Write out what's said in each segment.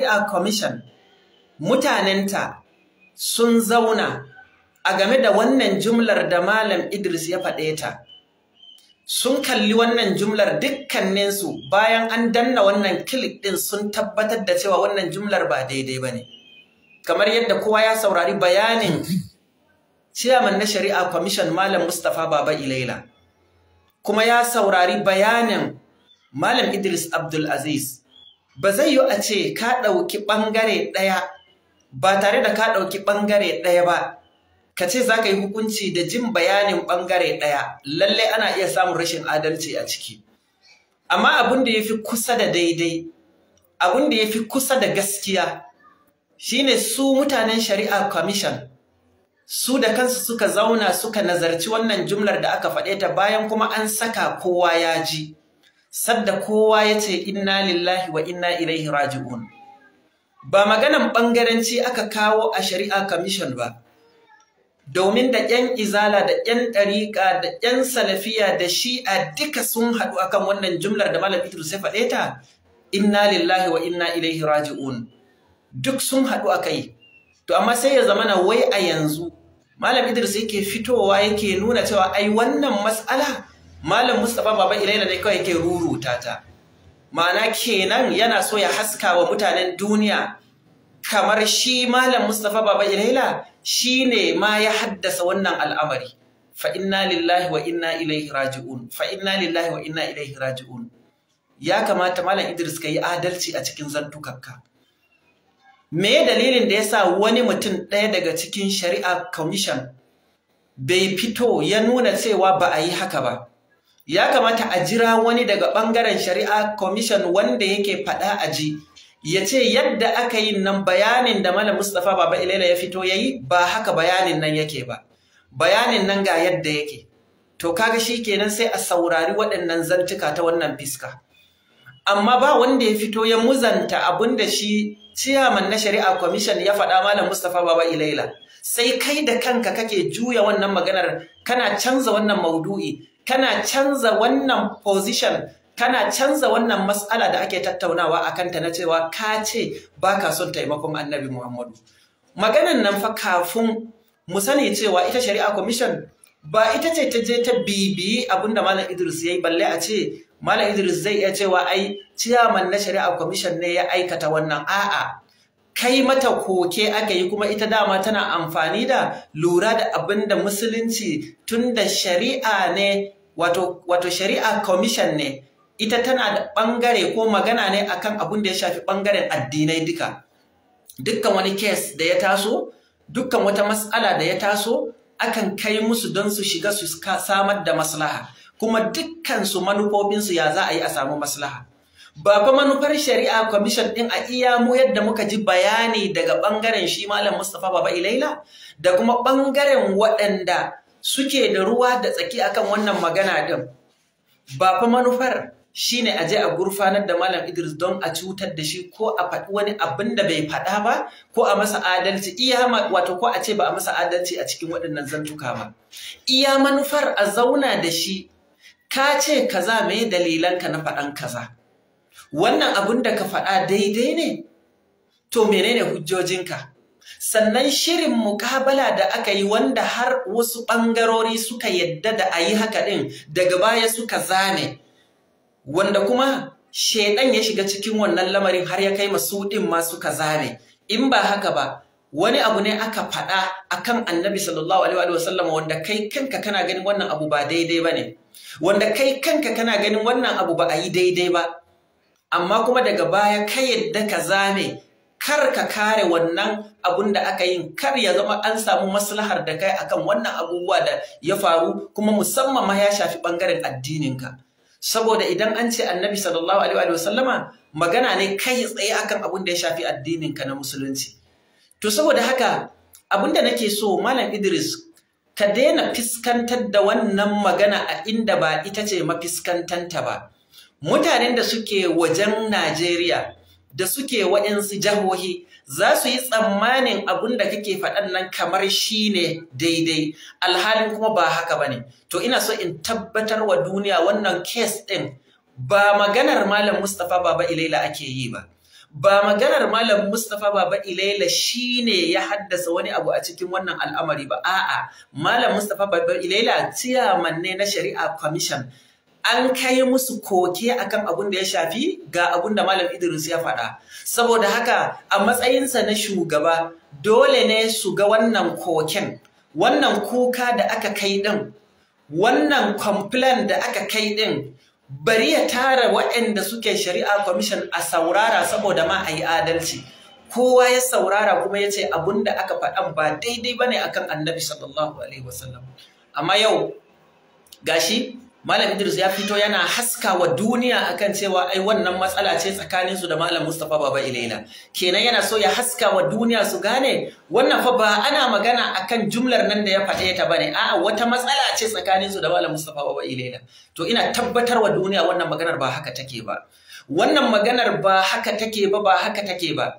Shari'a Commission mutanenta sun zauna a game da wannan jumlar da Malam Idris ya faɗe ta. Sun kalli wannan jumlar dukkaninsu bayan an danna wannan kilik ɗin sun tabbatar da cewa wannan jumlar ba daidai ba ne. Kamar yadda kowa ya saurari bayanin ciyaman na shari'a Commission Malam Mustapha Baba Ilaila. Kuma ya saurari bayanin Malam Idris Abdul Aziz. ba zai yi a ce ka ɗauki ɓangare ɗaya ba tare da ka ɗauki ɓangare ɗaya ba ka ce za ka yi hukunci da jin bayanin ɓangare ɗaya lallai ana iya samun rashin adalci a ciki amma abin da ya fi kusa da daidai abin da ya fi kusa da gaskiya shine su mutanen shari'a commission su da kansu suka zauna suka nazarci wannan jumlar da aka faɗe ta bayan kuma an saka kowa ya ji sadda kowa ya ce inna lillahi wa inna ilaihi raji'un ba maganan ɓangaranci aka kawo a shari'a commission ba domin da 'yan izala da 'yan ɗariƙa da 'yan salafiya da shi'a duka sun haɗu akan wannan jumlar da malam idris ya faɗe ta inna lillahi wa inna ilaihi raji'un duk sun haɗu a kai to amma sai ya zamana wai a yanzu malam idris yake fitowa yake nuna cewa ai wannan mas'ala malam mustapha baba ilaila ne kawai yake ruruta ta ma'ana kenan yana so ya haska wa mutanen duniya kamar shi malam mustapha baba ilaila shine ma ya haddasa wannan al'amari fa lillahi wa inna ilaihi raji'un fa lillahi wa inna ilaihi raji'un ya kamata malam idris ka yi adalci a cikin zantukakka me dalilin da ya sa wani mutum ɗaya daga cikin shari'a commission bai fito ya nuna cewa ba a yi haka ba ya kamata a jira wani daga ɓangaren shari'a commission wanda yake faɗa a ji ya ce yadda aka yi nan bayanin da Malam Mustapha Baba Ilaila ya fito ya yi ba haka bayanin nan yake ba. Bayanin nan ga yadda yake. To kaga shi kenan sai a saurari waɗannan zantuka ta wannan fiska. Amma ba wanda ya fito ya muzanta abin da shi ciyaman na shari'a commission ya faɗa Malam Mustapha Baba Ilaila. Sai kai da kanka kake juya wannan maganar kana canza wannan maudu'i kana canza wannan position kana canza wannan mas'ala da ake tattaunawa a kanta na cewa ka ce ba ka son taimakon annabi Muhammadu. Maganan nan fa kafin mu sani cewa ita shari'a commission ba ita ce ta je ta bibiyi abinda Malam Idris ya yi balle a ce Malam Idris zai iya cewa ai ciyaman na shari'a commission ne ya aikata wannan a'a kai mata koke aka yi kuma ita dama tana amfani da lura da abin da musulunci tun da shari'a ne wato wato shari'a commission ne ita tana da ɓangare ko magana ne akan abin da ya shafi ɓangaren addinai duka dukkan wani case da ya taso dukkan wata matsala da ya taso akan kai musu don su shiga su samar da maslaha kuma dukkan su manufofinsu ya za a yi a samu maslaha ba fa manufar shari'a commission din a iya mu yadda muka ji bayani daga bangaren shi malam Mustapha Baba Ilaila da kuma ɓangaren waɗanda suke da ruwa da tsaki akan wannan magana din ba fa manufar shine a je a gurfanar da Malam Idris don a cutar da shi ko a faɗi wani abin da bai faɗa ba ko a masa adalci iya wato ko a ce ba a masa adalci a cikin waɗannan zantuka ba iya manufar a zauna da shi ka ce kaza me dalilanka na faɗan kaza wannan abin da ka faɗa daidai ne to menene hujjojinka sannan shirin mukabala da aka yi wanda har wasu ɓangarori suka yadda da a yi haka ɗin daga baya suka zame wanda kuma shaidan ya shiga cikin wannan lamarin har ya kai masu ɗin ma suka zame in ba haka ba wani abu ne aka faɗa akan annabi sallallahu alaihi wanda kai kanka kana ganin wannan abu ba daidai ba ne wanda kai kanka kana ganin wannan abu ba a yi daidai ba amma kuma daga baya ka yadda ka zame kar ka kare wannan abun da aka yi kar ya zama an samu maslahar da kai akan wannan abubuwa da ya faru kuma musamman ma ya shafi bangaren addininka saboda idan an ce annabi sallallahu alaihi wa sallama magana ne kai tsaye akan abun da ya shafi addininka na musulunci to saboda haka abun da nake so malam Idris ka daina fiskantar da wannan magana a inda ba ita ce mafiskantanta ba mutanen da suke wajen Najeriya da suke waɗansu jahohi za su yi tsammanin abun da kake faɗan nan kamar shi ne daidai alhalin kuma ba haka ba ne to ina so in tabbatar wa duniya wannan kes ɗin ba maganar malam mustapha baba ilaila ake yi ba ba maganar malam Mustapha Baba Ilaila shi ne ya haddasa wani abu a cikin wannan al'amari ba a'a malam Mustapha Baba Ilaila ciyaman ne na Shari'a Commission an kai musu koke akan abun da ya shafi ga abun da Malam Idris ya faɗa. Saboda haka a matsayinsa na shugaba dole ne su ga wannan koken, wannan kuka da aka kai ɗin, wannan complain da aka kai ɗin, bari ya tara waɗanda suke shari'a commission a saurara saboda ma a yi adalci. Kowa ya saurara kuma ya ce abun da aka faɗan ba daidai ba ne akan annabi sallallahu alaihi wasallam. Amma yau gashi Malam Idris ya fito yana haska wa duniya akan cewa ai wannan matsala ce tsakanin su da Malam Mustapha Baba Ilaila. Kenan yana so ya haska wa duniya su gane wannan fa ba ana magana akan jumlar nan da ya faɗe ta bane a'a wata matsala ce tsakanin su da Malam Mustapha Baba Ilaila. To ina tabbatar wa duniya wannan maganar ba haka take ba. Wannan maganar ba haka take ba ba haka take ba.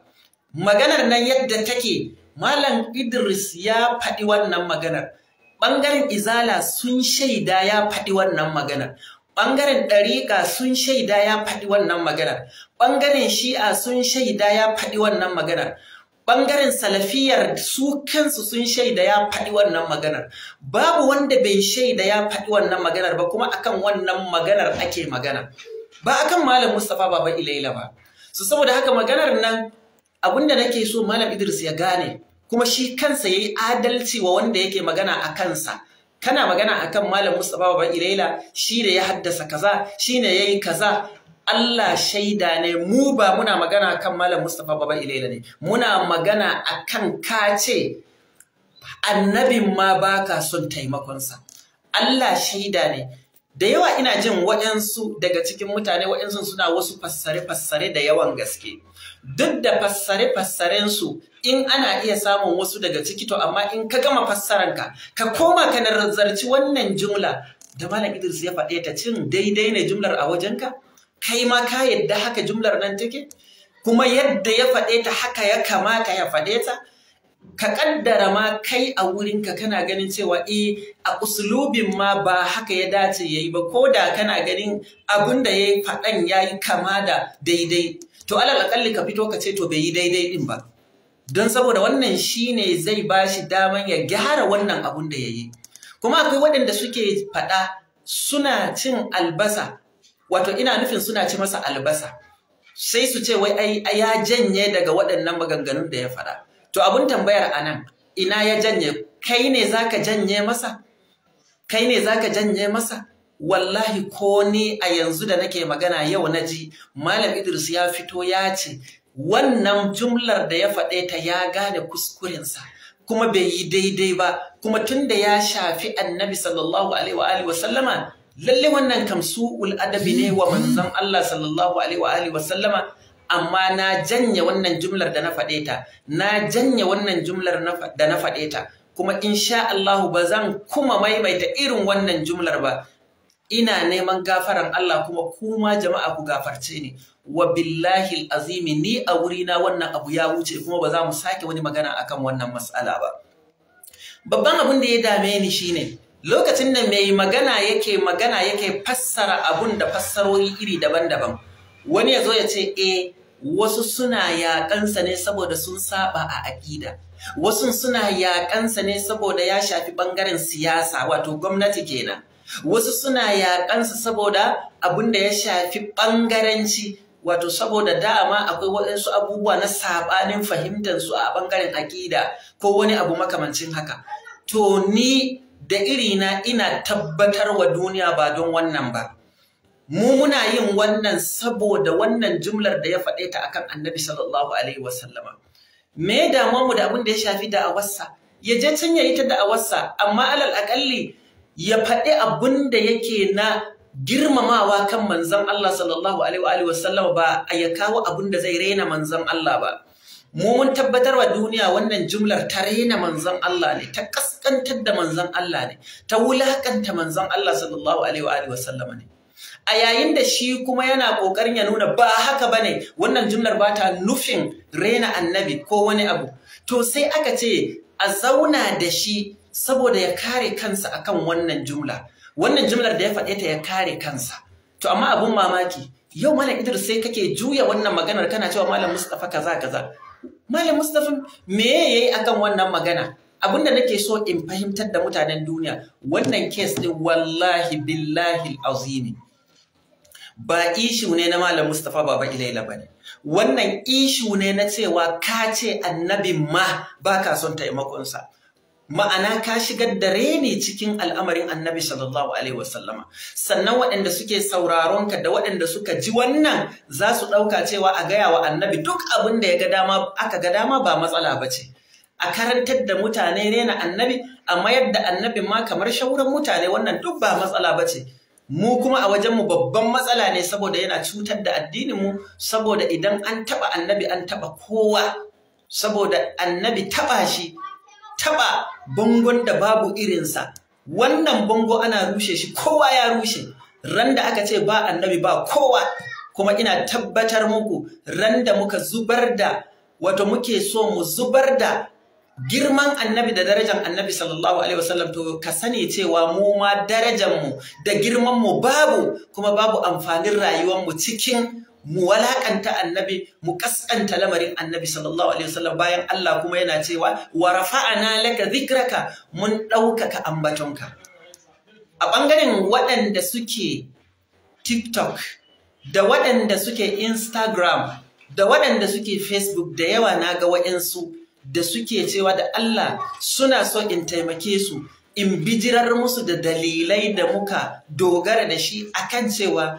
Maganar nan yadda take Malam Idris ya faɗi wannan maganar. ɓangaren izala sun shaida ya faɗi wannan maganar ɓangaren ɗariƙa sun shaida ya faɗi wannan maganar ɓangaren shi'a sun shaida ya faɗi wannan maganar ɓangaren salafiyar su kansu sun shaida ya faɗi wannan maganar babu wanda bai shaida ya faɗi wannan maganar ba kuma akan wannan maganar ake magana ba akan malam mustapha baba ilaila ba su saboda haka maganar nan abinda nake so malam idris ya gane kuma shi kansa ya yi adalci wa wanda yake magana a kansa kana magana a kan malam Mustapha Baba Ilaila shi ne ya haddasa kaza shi ne ya yi kaza Allah shaida ne mu ba muna magana kan malam Mustapha Baba Ilaila ne muna magana a akan kace annabin ma ba ka son taimakonsa Allah shaida ne da yawa ina jin waɗansu daga cikin mutane waɗansu suna wasu fassare-fassare da yawan gaske duk da fassare fassaren su in ana iya samun wasu daga ciki to amma in ka gama fassaranka ka ka koma ka nazarci wannan jumla da malam Idris ya faɗe ta cin daidai ne jumlar a wajen ka? kai ma ka yadda haka jumlar nan take kuma yadda ya faɗe ta haka ya kamata ya faɗe ta ka kaddara ma kai a wurinka kana ganin cewa eh a uslubin ma ba haka ya dace yayi ba ko da kana ganin abin da yayi faɗan yayi kama da daidai to alal akalli ka fito ka ce to bai yi daidai din ba don saboda wannan shine zai ba shi daman ya gyara wannan abun da ya yi kuma akwai waɗanda suke faɗa suna cin albasa wato ina nufin suna ci masa albasa sai su ce wai ai ya janye daga waɗannan maganganun da ya faɗa to abun tambayar anan ina ya janye kai ne zaka janye masa kai ne zaka janye masa wallahi ko ni a yanzu da nake magana yau na ji malam idris ya fito ya ce wannan jumlar da ya faɗe ta ya gane kuskurensa kuma bai yi daidai ba kuma tun da ya shafi annabi sallallahu alaihi wa alihi wasallama lalle wannan su adabi ne wa manzon Allah sallallahu alaihi wa alihi wasallama amma na janye wannan jumlar da na faɗe ta na janye wannan jumlar da na faɗe ta kuma insha Allah ba zan kuma maimaita irin wannan jumlar ba ina neman gafaran Allah kuma kuma jama'a ku gafarce ni wa billahi azimi ni a wurina wannan abu ya wuce kuma ba za mu sake wani magana akan wannan matsala ba babban abin da ya dame ni shine lokacin da mai magana yake magana yake fassara abun da fassarori iri daban-daban wani ya zo ya ce e wasu suna yaƙansa ne saboda sun saba a aƙida wasu suna yaƙansa ne saboda ya shafi ɓangaren siyasa wato gwamnati kenan wasu suna yaƙansa saboda abin da ya shafi ɓangaranci wato saboda dama akwai waɗansu abubuwa na saɓanin fahimtansu a ɓangaren aƙida ko wani abu makamancin haka to ni da irina ina tabbatar wa duniya ba don wannan ba mu muna yin wannan saboda wannan jumlar da ya faɗe ta akan annabi sallallahu alaihi wasallama me damuwa mu da abin da ya shafi da da'awarsa ya je can ya yi ta da'awarsa amma alal aƙalli ya faɗi abin da yake na girmamawa kan Manzan Allah sallallahu alaihi wasallam ba a ya kawo abin da zai rena manzan Allah ba mu mun tabbatar wa duniya wannan jumlar ta rena manzan Allah ne ta kaskantar da manzan Allah ne ta wulaƙanta manzan Allah sallallahu alaihi wasallam ne a yayin da shi kuma yana ƙoƙarin ya nuna ba haka ba ne wannan jumlar ba ta nufin rena annabi ko wani abu to sai aka ce a zauna da shi saboda ya kare kansa akan wannan jumla wannan jumlar da ya faɗe ta ya kare kansa to amma abun mamaki yau malam Idris sai kake juya wannan maganar kana cewa malam Mustafa kaza kaza malam Mustafa me yayi akan wannan magana abin da nake so in fahimtar da mutanen duniya wannan kes din wallahi billahi azimi ba ishu ne na malam Mustafa baba ilaila bane wannan ishu ne na cewa ka ce annabin ma ba ka son taimakonsa ma'ana ka shigar da reni cikin al'amarin annabi sallallahu alaihi wasallama sannan waɗanda suke sauraron ka da waɗanda suka ji wannan za su ɗauka cewa a gaya wa annabi duk abin da aka ga dama ba matsala ba ce a karantar da mutane rena annabi a mayar da annabi ma kamar shauran mutane wannan duk ba matsala ba ce mu kuma a wajenmu babban matsala ne saboda yana cutar da addininmu saboda idan an taɓa annabi an taɓa kowa saboda annabi taɓa shi taɓa bangon da babu irinsa wannan bango ana rushe shi kowa ya rushe ran da aka ce ba annabi ba kowa kuma ina tabbatar muku ran da muka zubar da wato muke so mu zubar da girman annabi da darajan annabi sallallahu alaihi wasallam to ka sani cewa mu ma darajan mu da girman mu babu kuma babu amfanin rayuwar mu cikin mu walakanta annabi mu kaskanta lamarin annabi sallallahu alaihi wasallam bayan Allah kuma yana cewa wa rafa'ana laka dhikraka mun ɗaukaka ambatonka a ɓangaren waɗanda suke TikTok da waɗanda suke Instagram da waɗanda suke Facebook da yawa na ga waɗansu da suke cewa da Allah suna so in taimake su in bijirar musu da dalilai da muka dogara da shi akan cewa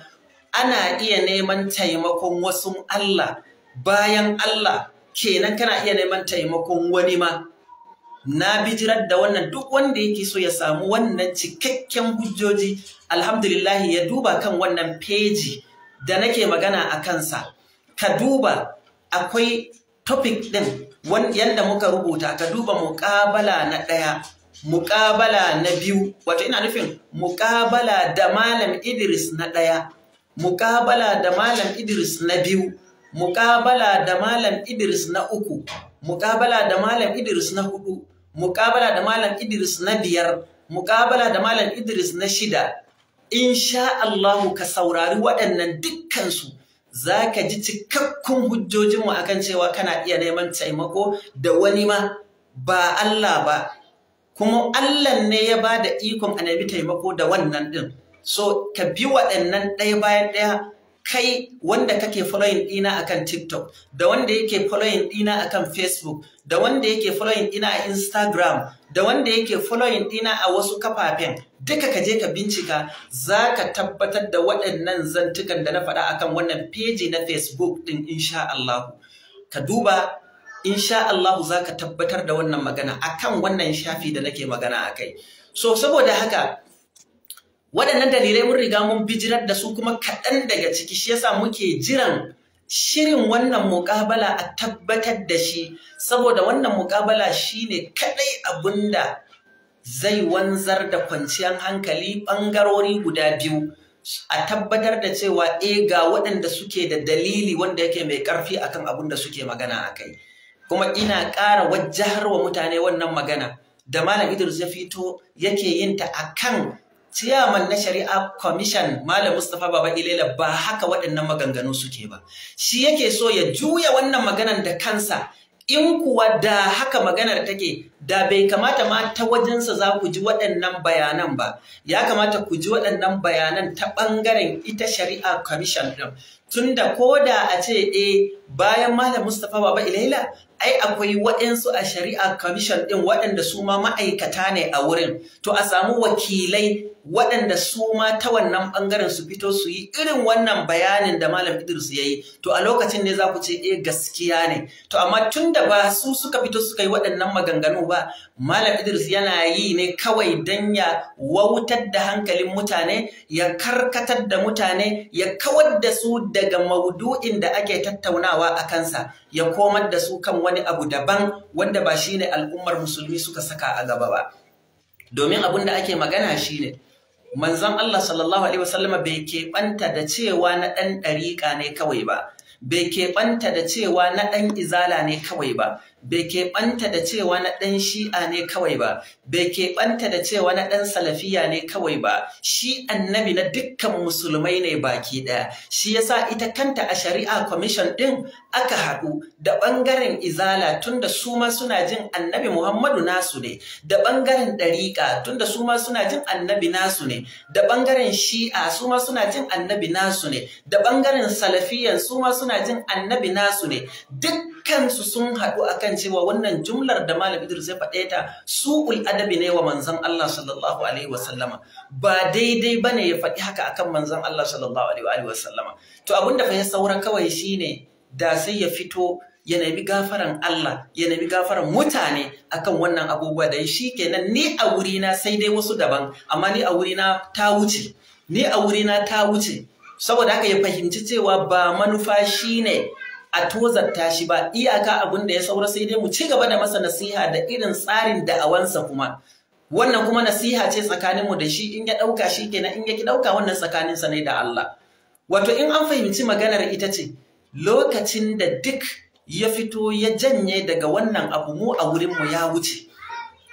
ana iya neman taimakon wasu Allah bayan Allah kenan kana iya neman taimakon wani ma na bijirar da wannan duk wanda yake so ya samu wannan cikakken hujjoji alhamdulillah ya duba kan wannan feji da nake magana a kansa ka duba akwai topic din yadda muka rubuta ka duba muƙabala na ɗaya muƙabala na biyu wato ina nufin muƙabala da malam idris na ɗaya muƙabala da malam Idris na biyu muƙabala da malam Idris na uku muƙabala da malam Idris na hudu muƙabala da malam Idris na biyar muƙabala da malam Idris na shida insha Allahu ka saurari waɗannan dukkansu za ka ji cikakkun hujjojinmu akan cewa kana iya neman taimako da wani ma ba Allah ba kuma Allah ne ya ba da ikon a nemi taimako da wannan ɗin. so ka bi waɗannan ɗaya bayan ɗaya kai wanda kake following ɗina akan TikTok da wanda yake following ɗina akan Facebook da wanda yake following ɗina a Instagram da wanda yake following ɗina a wasu kafafen duka ka je ka bincika za ka tabbatar da waɗannan zantukan da na faɗa akan wannan peji na Facebook ɗin insha Allah. ka duba insha Allah za ka tabbatar da wannan magana akan wannan shafi da nake magana akai so saboda haka waɗannan dalilai mun riga mun bijirar da su kuma kaɗan daga ciki shi yasa muke jiran shirin wannan muƙabala a tabbatar da shi saboda wannan muƙabala shine kaɗai abin da zai wanzar da kwanciyar hankali ɓangarori guda biyu a tabbatar da cewa e ga waɗanda suke da dalili wanda yake mai ƙarfi akan abin da suke magana a kai kuma ina ƙara wajahar wa mutane wannan magana da malam idris ya fito yake yinta ta akan ciyaman na shari'a commission malam mustapha baba ilela ba haka waɗannan maganganu suke ba shi yake so ya juya wannan maganan da kansa in kuwa da haka maganar take da bai kamata ma ta wajensa za ku ji waɗannan bayanan ba ya kamata ku ji waɗannan bayanan ta ɓangaren ita shari'a commission ɗin tunda ko da a ce e bayan malam mustapha baba ilaila ai akwai waɗansu a shari'a commission ɗin waɗanda su ma ma'aikata ne a wurin to a samu wakilai waɗanda su ma ta wannan ɓangaren su fito su yi irin wannan bayanin da Malam Idris ya yi, to a lokacin ne za ku ce e gaskiya ne. To amma tun da ba su suka fito suka yi waɗannan maganganu ba, Malam Idris yana yi ne kawai don ya wautar da hankalin mutane, ya karkatar da mutane, ya kawar da su daga maudu'in da ake tattaunawa a kansa, ya komar da su kan wani abu daban wanda ba shi ne al'ummar musulmi suka saka a gaba ba. Domin abin da ake magana shi ne, manzon Allah sallallahu alaihi wasallam bai keɓanta da cewa na ɗan ɗariƙa ne kawai ba bai keɓanta da cewa na ɗan izala ne kawai ba bai keɓanta da cewa na ɗan shi'a ne kawai ba, bai keɓanta da cewa na ɗan salafiya ne kawai ba, shi annabi na dukkan musulmai ne baki ɗaya, shi yasa ita kanta a shari'a kwamishin ɗin aka haɗu da ɓangaren izala tunda su ma suna jin annabi Muhammadu nasu ne, da ɓangaren ɗariƙa tunda su ma suna jin annabi nasu ne, da ɓangaren shi'a su ma suna jin annabi nasu ne, da ɓangaren salafiyan su ma suna jin annabi nasu ne, duk dukkansu sun haɗu kan cewa wannan jumlar da Malam Idris ya faɗe ta su'ul adabi ne wa manzon Allah sallallahu alaihi wasallama ba daidai bane ya faɗi haka akan manzon Allah sallallahu alaihi wasallama to abinda da ya saura kawai shine da sai ya fito ya nemi gafaran Allah ya nemi gafaran mutane akan wannan abubuwa da shi kenan ni a wurina sai dai wasu daban amma ni a wurina ta wuce ni a wurina ta wuce saboda haka ya fahimci cewa ba manufa shine a tozarta shi ba iyaka abin da ya saura sai dai mu ci gaba da masa nasiha da irin tsarin da da'awansa kuma wannan kuma nasiha ce tsakaninmu da shi in ya ɗauka shi kenan in ya ki ɗauka wannan tsakanin sa ne da Allah wato in an fahimci maganar ita ce lokacin da duk ya fito ya janye daga wannan abu mu a mu ya wuce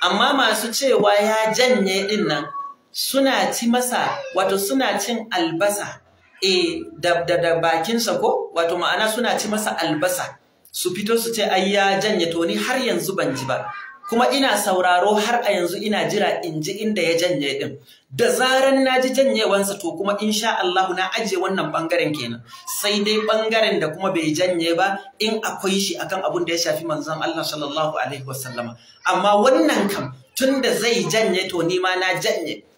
amma masu cewa ya janye dinnan, nan suna ci masa wato suna cin albasa e da, bakinsa ko wato ma'ana suna ci masa albasa su fito su ce ai ya janye to har yanzu ban ji ba kuma ina sauraro har a yanzu ina jira in ji inda ya janye din da zaran na ji janyewansa to kuma insha Allah na ajiye wannan bangaren kenan sai dai bangaren da kuma bai janye ba in akwai shi akan abun da ya shafi manzon Allah sallallahu alaihi wasallama amma wannan kam tunda zai janye to ni ma na janye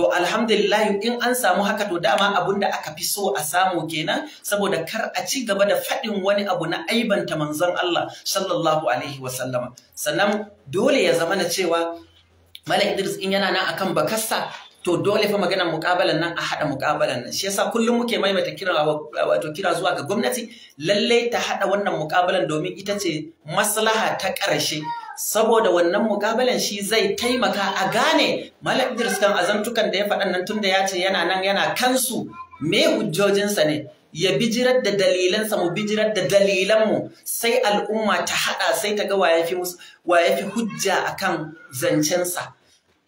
to alhamdulillah in an samu haka to dama abun da aka fi so a samu kenan saboda kar a ci gaba da faɗin wani abu na aibanta manzon Allah sallallahu alaihi wasallama sannan dole ya zama na cewa Mala Idris in yana nan akan bakassa to dole fa maganar muƙabalan nan a haɗa muƙabalan nan shi yasa kullum muke maimaita kira wato kira zuwa ga gwamnati Lallai ta haɗa wannan muƙabalan domin ita ce maslaha ta ƙarshe saboda wannan mukabalan shi zai taimaka a gane Malam azantukan da ya faɗan nan tunda ya ce yana nan yana kansu me hujjojinsa ne ya bijirar da dalilansa mu bijirar da dalilan mu, sai al'umma ta haɗa sai ta ga wa ya fi hujja akan zancensa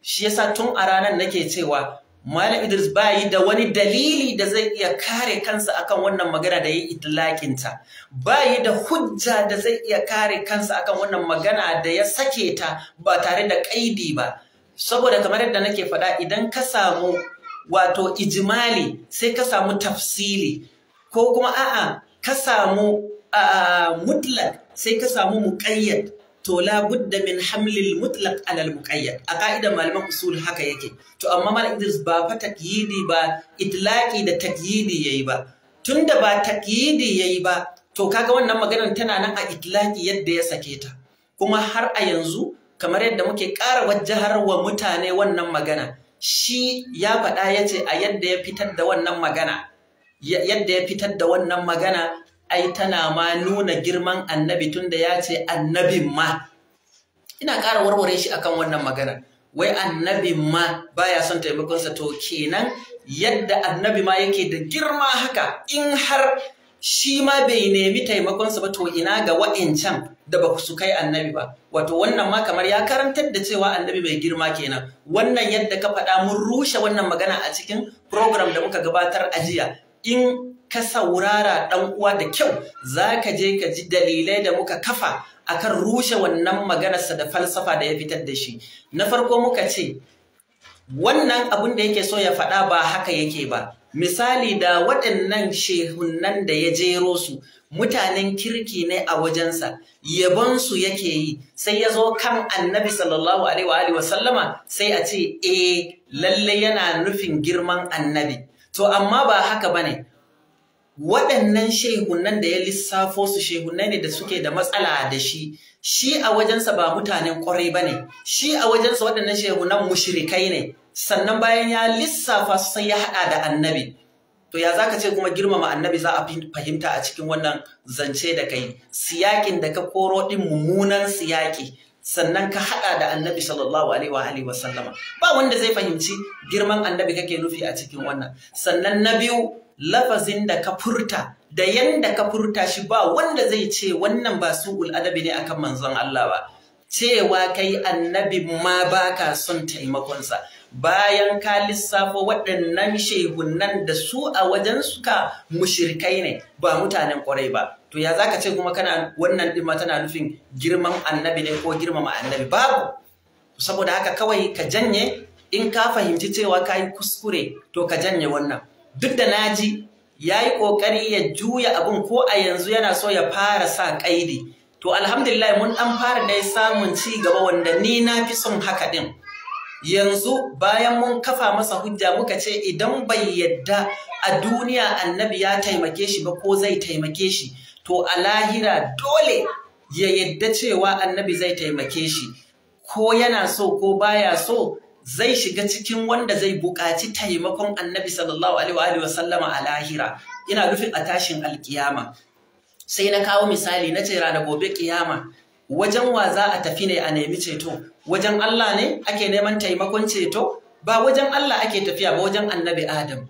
shi yasa tun a ranar nake cewa Malam Idris ba yi da wani dalili da zai iya kare kansa akan wannan magana da ya yi itlaƙinta. Ba yi da hujja da zai iya kare kansa akan wannan magana da ya sake ta ba tare da ƙaidi ba. Saboda kamar yadda nake faɗa idan ka samu wato ijimali sai ka samu tafsili ko kuma a'a ka samu ah, mutlak sai ka samu muƙayyad. to la budda min hamlil mutlaq alal muqayyad a ka'idar malaman usul haka yake to amma mal Idris ba fa takyidi ba itlaqi da takyidi yayi ba tunda ba takyidi yayi ba to kaga wannan maganar tana nan a itlaqi yadda ya sake ta kuma har a yanzu kamar yadda muke ƙara wajahar wa mutane wannan magana shi ya faɗa yace a yadda ya fitar da wannan magana yadda ya fitar da wannan magana ai tana ma nuna girman annabi tunda ya ce annabin ma ina ƙara warware shi akan wannan magana. wai annabin ma baya son taimakonsa to kenan yadda annabi ma yake da girma haka in har shi ma bai nemi taimakonsa ba to ina ga wa'incan da ba su kai annabi ba wato wannan ma kamar ya karantar da cewa annabi mai girma kenan wannan yadda ka faɗa mun rushe wannan magana a cikin program da muka gabatar a jiya in ka saurara ɗan uwa da kyau za ka je ka ji dalilai da muka kafa akan rushe wannan maganarsa da falsafa da ya fitar da shi na farko muka ce wannan abin da yake so ya faɗa ba haka yake ba misali da waɗannan shehunan da ya jero su mutanen kirki ne a wajensa yabonsu yake yi sai ya zo kan annabi sallallahu alaihi wa sallama sai a ce eh lalle yana nufin girman annabi To amma ba haka ba ne, waɗannan shehunan da ya lissafo su shehunai ne da suke da matsala da shi, shi a wajensa ba mutanen ƙwarai ba ne, shi a wajensa waɗannan shehunan mushrikai ne, sannan bayan ya lissafa su sai ya haɗa da annabi. To ya za ka ce kuma girmama annabi za a fahimta a cikin wannan zance da kai, siyakin da ka koro ɗin mummunan siyaki, sannan ka haɗa da annabi sallallahu alaihi wa alihi wa sallama ba wanda zai fahimci girman annabi kake nufi a cikin wannan sannan na biyu lafazin da ka furta da yanda ka furta shi ba wanda zai ce wannan ba su'ul adabi ne akan manzon Allah ba cewa kai annabi ma baka son taimakonsa bayan ka lissafo waɗannan shehunan da su a wajen suka mushirikai ne ba mutanen ƙwarai ba to ya za ka ce kuma kana wannan ɗin ma tana nufin girman annabi ne ko girmama annabi babu saboda haka kawai ka janye in ka fahimci cewa ka yi kuskure to ka janye wannan duk da naji ya yi ƙoƙari ya juya abin ko a yanzu yana so ya fara sa ƙaidi to alhamdulillah mun ɗan fara dai samun ci gaba wanda ni na fi son haka ɗin yanzu bayan mun kafa masa hujja muka ce idan bai yadda a duniya annabi ya taimake shi ba ko zai taimake shi to a lahira dole ya yadda cewa annabi zai taimake shi ko yana so ko baya so zai shiga cikin wanda zai buƙaci taimakon annabi sallallahu alaihi wa sallama a lahira ina nufin a tashin alkiyama sai na kawo misali na ce rana gobe kiyama wajen wa za a tafi ne a nemi ceto wajen Allah ne ake neman taimakon ceto ba wajen Allah ake tafiya ba wajen annabi Adam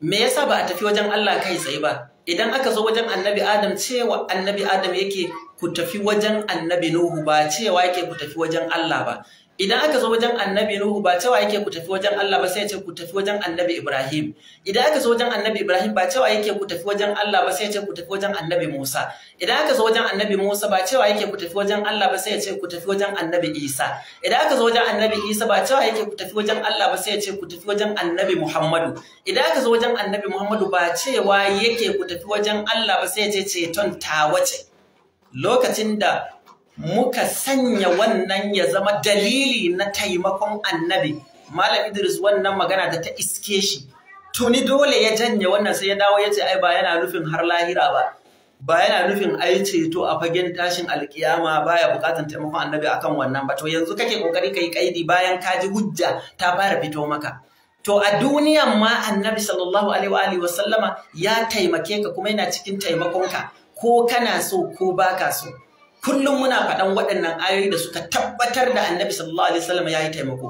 me yasa ba a tafi wajen Allah kai tsaye ba idan aka zo wajen annabi Adam cewa annabi Adam yake ku tafi wajen annabi Nuhu ba cewa yake ku tafi wajen Allah ba idan aka zo wajen annabi Nuhu ba cewa yake ku tafi wajen Allah ba sai ya ce ku tafi wajen annabi Ibrahim idan aka zo wajen annabi Ibrahim ba cewa yake ku tafi wajen Allah ba sai ya ce ku tafi wajen annabi Musa idan aka zo wajen annabi Musa ba cewa yake ku tafi wajen Allah ba sai ya ce ku tafi wajen annabi Isa idan aka zo wajen annabi Isa ba cewa yake ku tafi wajen Allah ba sai ya ce ku tafi wajen annabi Muhammadu idan aka zo wajen annabi Muhammadu ba cewa yake ku tafi wajen Allah ba sai ya ce ceton tawace lokacin da muka sanya wannan ya zama dalili na taimakon annabi malam idris wannan magana da ta iske shi tuni dole ya janye wannan sai ya dawo ya ce ai ba yana nufin har lahira ba ba yana nufin ai ceto a fagen tashin alkiyama baya bukatan taimakon annabi akan wannan ba to yanzu kake kokari kai kaidi bayan ka ji hujja ta fara fito maka to a duniyan ma annabi sallallahu alaihi wa sallama ya taimake ka kuma yana cikin taimakonka ko kana so ko baka so kullum muna faɗan waɗannan ayoyi da suka tabbatar da annabi sallallahu alaihi wasallam ya yi taimako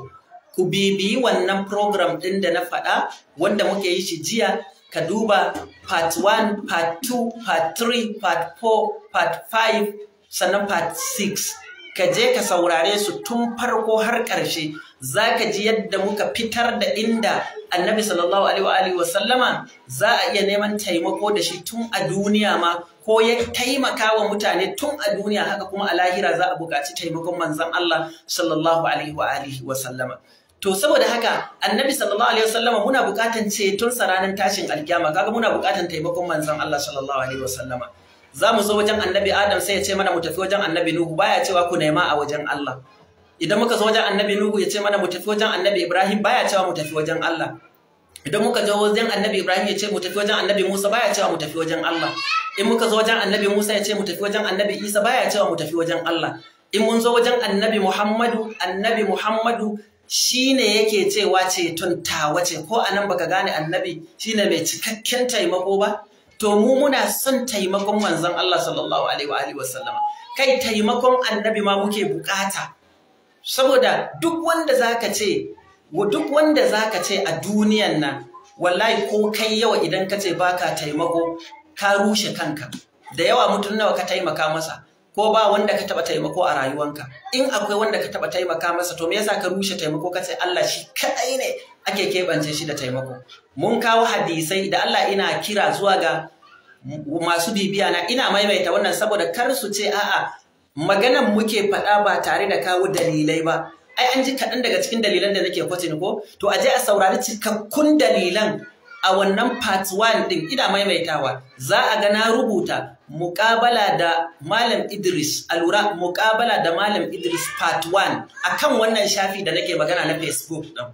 ku bibiyi wannan program ɗin da na faɗa wanda muke yi shi jiya ka duba part 1 part 2 part 3 part 4 part 5 sannan part 6 ka je ka saurare su tun farko har ƙarshe za ka ji yadda muka fitar da inda annabi sallallahu alaihi wa sallama za a iya neman taimako da shi tun a duniya ma ko ya taimaka wa mutane tun a duniya haka kuma a lahira za a buƙaci taimakon manzon Allah sallallahu alaihi wa alihi wa sallama to saboda haka annabi sallallahu alaihi sallama muna buƙatan ceton sa ranar tashin alkiyama kaga muna buƙatan taimakon manzon Allah sallallahu alaihi sallama za mu zo wajen annabi Adam sai ya ce mana mu tafi wajen annabi Nuhu baya cewa ku nema a wajen Allah idan muka zo wajen annabi Nuhu ya ce mana mu tafi wajen annabi Ibrahim baya cewa mu tafi wajen Allah idan muka je wajen annabi ibrahim ya ce mu tafi wajen annabi musa baya cewa mu tafi wajen allah in muka zo wajen annabi musa ya ce mu tafi wajen annabi isa baya cewa mu tafi wajen allah in mun zo wajen annabi muhammadu annabi muhammadu shine yake cewa ceton ta wace ko anan baka gane annabi shine mai cikakken taimako ba to mu muna son taimakon manzon Allah sallallahu alaihi wa alihi kai taimakon annabi ma muke bukata saboda duk wanda zaka ce duk wanda za ka ce a duniyan nan wallahi ko kai yawa idan ka ce baka taimako ka rushe kanka da yawa mutum nawa ka taimaka masa ko ba wanda ka taba taimako a rayuwanka in akwai wanda ka taba taimaka masa to me yasa ka rushe taimako ka ce Allah shi kadai ne ake keɓance shi da taimako mun kawo hadisai da Allah ina kira zuwa ga masu bibiya na ina maimaita wannan saboda kar su ce a'a maganan muke faɗa ba tare da kawo dalilai ba ai an ji kaɗan daga cikin dalilan da nake kwatin ko to a je a saurari cikakkun dalilan a wannan part 1 din ina maimaitawa za a ga na rubuta muƙabala da malam Idris alura muƙabala da malam Idris part 1 akan wannan shafi da nake magana na Facebook ɗin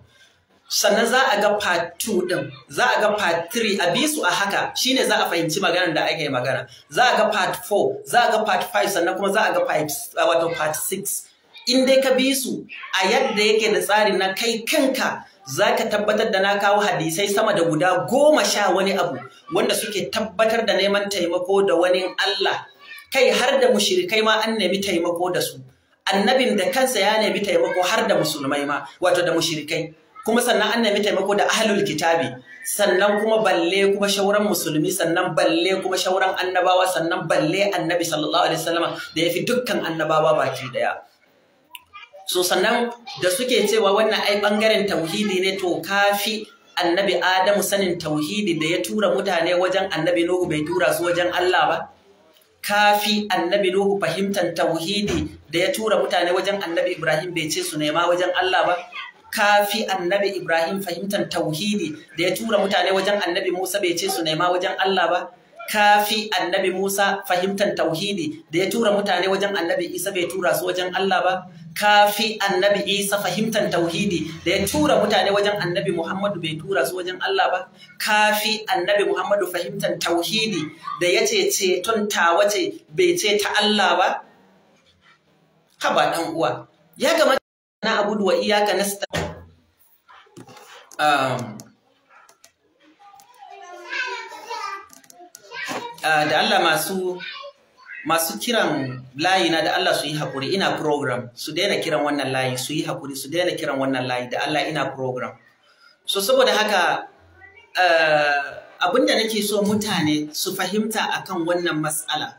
sannan za a ga part 2 din za a ga part 3 a bisu a haka shine za a fahimci magana da ake magana za a ga part 4 za a ga part 5 sannan kuma za a ga part 6 in dai ka bi su a yadda yake da tsari na kai kanka za ka tabbatar da na kawo hadisai sama da guda goma sha wani abu wanda suke tabbatar da neman taimako da wani Allah kai har da mushirikai ma an nemi taimako da su annabin da kansa ya nemi taimako har da musulmai ma wato da mushirikai kuma sannan an nemi taimako da ahlul kitabi sannan kuma balle kuma shauran musulmi sannan balle kuma shauran annabawa sannan balle annabi sallallahu alaihi wasallam da yafi dukkan annabawa baki daya so sannan da suke cewa wannan ai bangaren tauhidi ne to kafi annabi Adamu sanin tauhidi da ya tura mutane wajen annabi Nuhu bai tura su wajen Allah ba kafi annabi Nuhu fahimtar tauhidi da ya tura mutane wajen annabi Ibrahim bai ce su nema wajen Allah ba kafi annabi Ibrahim fahimtar tauhidi da ya tura mutane wajen annabi Musa bai ce su nema wajen Allah ba kafi annabi Musa fahimtar tauhidi da ya tura mutane wajen annabi Isa bai tura su wajen Allah ba kafi annabi isa fahimtar tauhidi da ya tura mutane wajen annabi muhammadu bai tura su wajen allah ba kafi annabi muhammadu fahimtar tauhidi da ya ce ceton tawa ce bai ce ta allah ba haba ɗan uwa ya gama na abudu wa iyaka nasta. Um, uh, da allah masu masu kiran layi na da Allah su yi hakuri ina program su daina kiran wannan layi su yi hakuri su daina kiran wannan layi da Allah ina program so saboda haka uh, eh, abinda nake so mutane su fahimta akan wannan matsala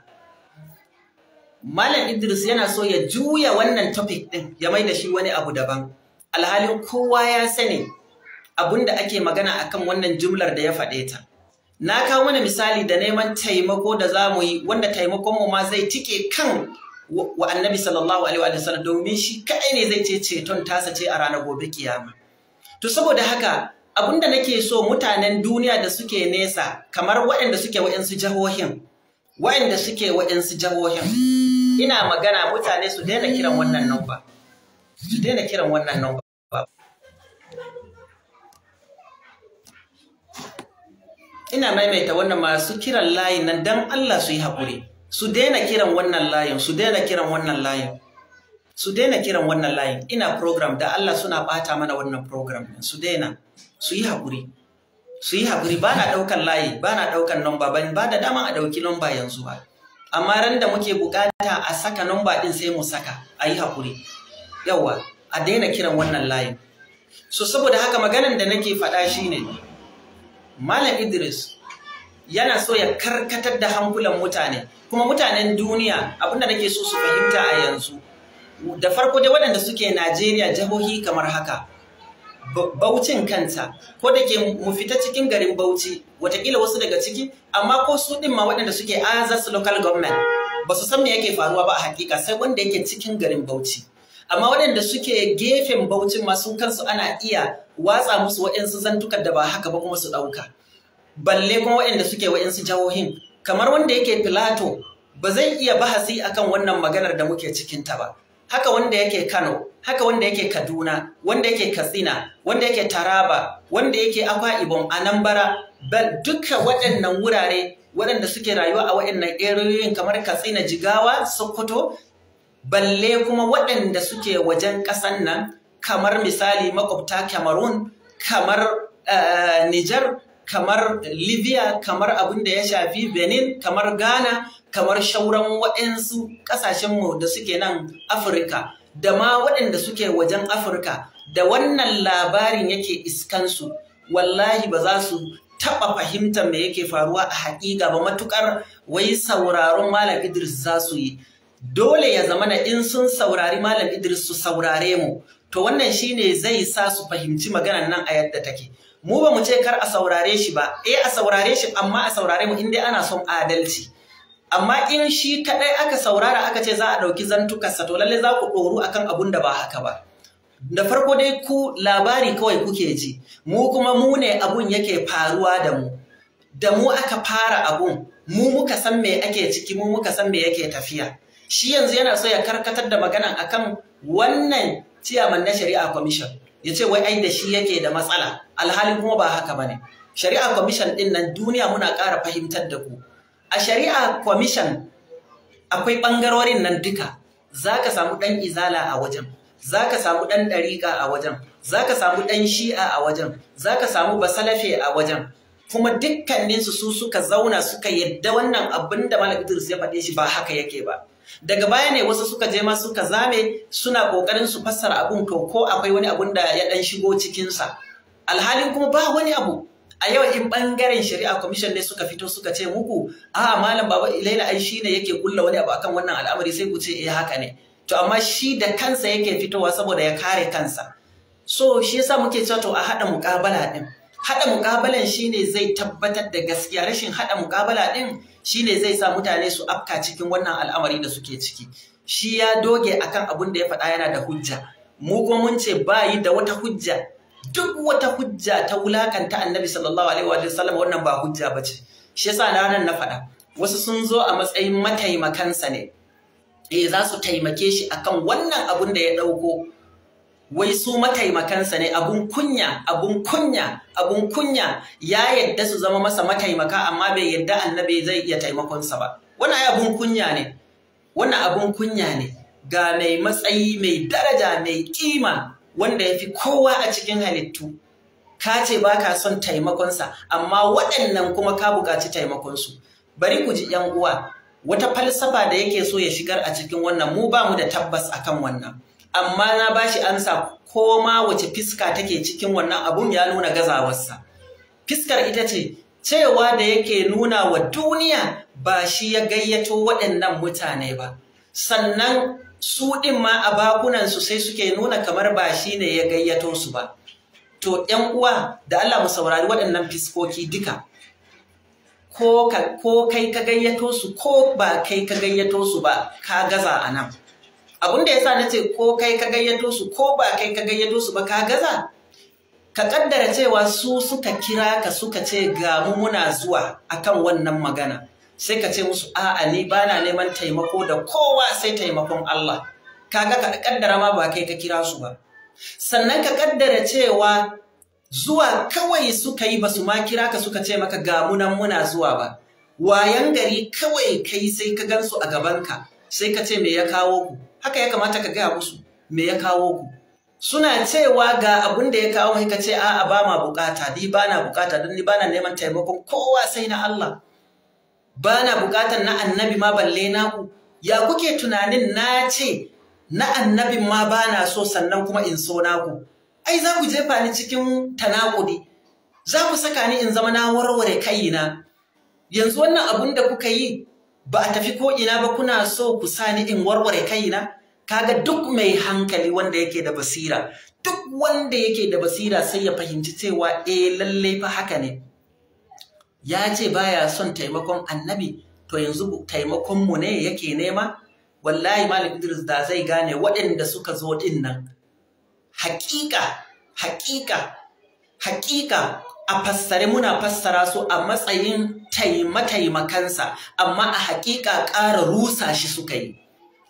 Malam Idris yana so ya juya wannan topic ɗin ya mai da shi wani abu daban alhalin kowa ya sani abinda ake magana akan wannan jumlar da ya faɗe ta na kawo mana misali da neman taimako da za mu yi wanda taimakon mu ma zai cike kan wa annabi sallallahu alaihi wa sallam domin shi kaɗai ne zai ce ceton tasa ce a ranar gobe kiyama to saboda haka abinda nake so mutanen duniya da suke nesa kamar waɗanda suke waɗansu jahohin waɗanda suke waɗansu jahohin ina magana mutane su daina kiran wannan namba su daina kiran wannan namba ina maimaita wannan masu kiran layin nan dan Allah su yi haƙuri su daina kiran wannan layin su daina kiran wannan layin su daina kiran wannan layin ina program da Allah suna bata mana wannan program su daina su yi haƙuri su yi haƙuri ba na ɗaukan layi ba na ɗaukan nomba ba da dama a ɗauki nomba yanzu ba amma ran da muke buƙata a saka nomba ɗin sai mu saka a yi haƙuri yawa a daina kiran wannan layin Su saboda haka maganan da nake faɗa shine ne Malam Idris yana so ya karkatar da hankulan mutane kuma mutanen duniya abinda nake so su fahimta a yanzu da farko dai waɗanda suke Najeriya jihohi kamar haka Baucin kanta ko da ke mu fita cikin garin Bauchi watakila wasu daga ciki amma ko su ɗin ma waɗanda suke Azaz local government ba su san me yake faruwa ba a hakika sai wanda yake cikin garin Bauchi amma waɗanda suke gefen baucin masu kansu ana iya watsa musu waɗansu zantukan da ba haka ba kuma su ɗauka balle kuma waɗanda suke waɗansu jawohin, kamar wanda yake filato ba zai iya bahasi akan wannan maganar da muke cikinta ba haka wanda yake kano haka wanda yake kaduna wanda yake katsina wanda yake taraba wanda yake akwa ibom anambara bal duka waɗannan wurare waɗanda suke rayuwa a waɗannan eriyoyin kamar katsina jigawa sokoto balle kuma waɗanda suke wajen ƙasan nan kamar misali makwabta cameroon kamar nijar eh, niger kamar libya kamar abin da ya shafi benin kamar ghana kamar shauran waɗansu ƙasashenmu da suke nan afirka da ma waɗanda suke wajen afirka da wannan labarin yake iskansu wallahi ba za su taɓa fahimtar me yake faruwa a haƙiƙa ba matuƙar wai sauraron malam idris za su yi dole ya zama na in sun saurari malam Idris su saurare mu to wannan shine zai sa su fahimci maganar nan a yadda take mu ba mu ce kar a saurare shi ba e a saurare shi amma a saurare mu in dai ana son adalci amma in shi kaɗai aka saurara aka ce za a ɗauki zantukarsa to lalle za ku doru akan abun da ba haka ba da farko dai ku labari kawai kuke ji mu kuma mu ne abun yake faruwa da mu da mu aka fara abun mu muka san me ake ciki mu muka san me yake tafiya shi yanzu yana so ya karkatar da maganan akan wannan ciyaman na shari'a commission ya ce wai ai da shi yake da matsala alhali kuma ba haka bane shari'a commission din nan duniya muna ƙara fahimtar da ku a shari'a commission akwai ɓangarorin nan duka za samu ɗan izala a wajen zaka samu ɗan ɗariƙa a wajen zaka samu ɗan shi'a a wajen zaka samu basalafe a wajen kuma dukkaninsu su suka zauna suka yadda wannan abin da malam idris ya faɗe shi ba haka yake ba daga baya ne wasu suka je ma suka zame suna kokarin su fassara abun to ko akwai wani abun da ya dan shigo cikinsa. sa alhalin kuma ba wani abu a yau in bangaren shari'a commission ne suka fito suka ce muku A'a malam baba ilaila ai shine yake kulla wani abu akan wannan al'amari sai ku ce eh haka ne to amma shi da kansa yake fitowa saboda ya kare kansa so shi yasa muke cewa to a hada mukabala din haɗa muƙabalan ne zai tabbatar da gaskiya rashin haɗa muƙabala ɗin ne zai sa mutane su afka cikin wannan al'amari da suke ciki shi ya doge akan abin da ya faɗa yana da hujja mu kuma mun ce bayi da wata hujja duk wata hujja ta wulakanta annabi sallallahu alaihi wa sallam wannan ba hujja bace shi yasa na nan na faɗa wasu sun zo a matsayin mataimakansa ne eh za su taimake shi akan wannan abun da ya ɗauko wai su mataimakansa ne abun kunya abun kunya abun kunya ya yadda su zama masa mataimaka amma bai yadda annabi zai iya taimakonsa ba wannan ai abun kunya ne wannan abun kunya ne ga mai matsayi mai daraja mai kima wanda ya fi kowa a cikin halittu ka ce ba ka son taimakonsa amma waɗannan kuma ka buƙaci taimakonsu bari ku ji ‘yan uwa wata falsafa da yake so ya shigar a cikin wannan mu ba mu da tabbas akan wannan amma na ba bashi amsa ko ma wace fiska take cikin wannan abun ya nuna gazawarsa fiskar ita ce cewa da yake nuna wa duniya ba shi ya gayyato waɗannan mutane ba sannan su ɗin ma a bakunansu sai suke nuna kamar ba shi ne ya gayyato su ba to ‘yan uwa da Allah mu saurari waɗannan fiskoki duka ko kai ka gayyato su ko ba kai ka gayyato su ba ka gaza a nan abin da ya sa na ce ko kai ka gayyato su ko ba kai ka gayyato su ba ka gaza ka kaddara cewa su suka kira ka suka ce ga mu muna zuwa akan wannan magana sai ka ce musu a'a ni bana neman taimako da kowa sai taimakon Allah kaga ka kaddara ma ba kai ka kira su ba sannan ka kaddara cewa zuwa kawai suka yi ba su ma kira ka suka ce maka ga mu nan muna zuwa ba wayan gari kawai kai sai ka gansu a gaban ka sai ka ce me ya kawo ku haka ya kamata ka gaya musu me ya kawo ku suna cewa ga abin da ya kawo ka ce a'a ba ma bukata ni ba na bukata don ni ba na neman taimakon kowa sai na Allah ba na bukatar na annabi ma balle naku ya kuke tunanin na ce na annabi ma ba na so sannan kuma in so naku ai za ku jefa ni cikin tanakudi za ku saka ni in zama na warware kaina yanzu wannan abun da kuka yi ba a tafi ko ina ba kuna so ku sani in warware kaina kaga duk mai hankali wanda yake da basira duk wanda yake da basira sai ya fahimci cewa eh lallai fa haka ne ya ce baya son taimakon annabi to yanzu taimakon mu ne yake nema wallahi malik idris da zai gane waɗanda suka zo din nan hakika hakika hakika a fassare muna fassara su a matsayin taimataimakansa amma a haƙiƙa ƙara rusa shi suka yi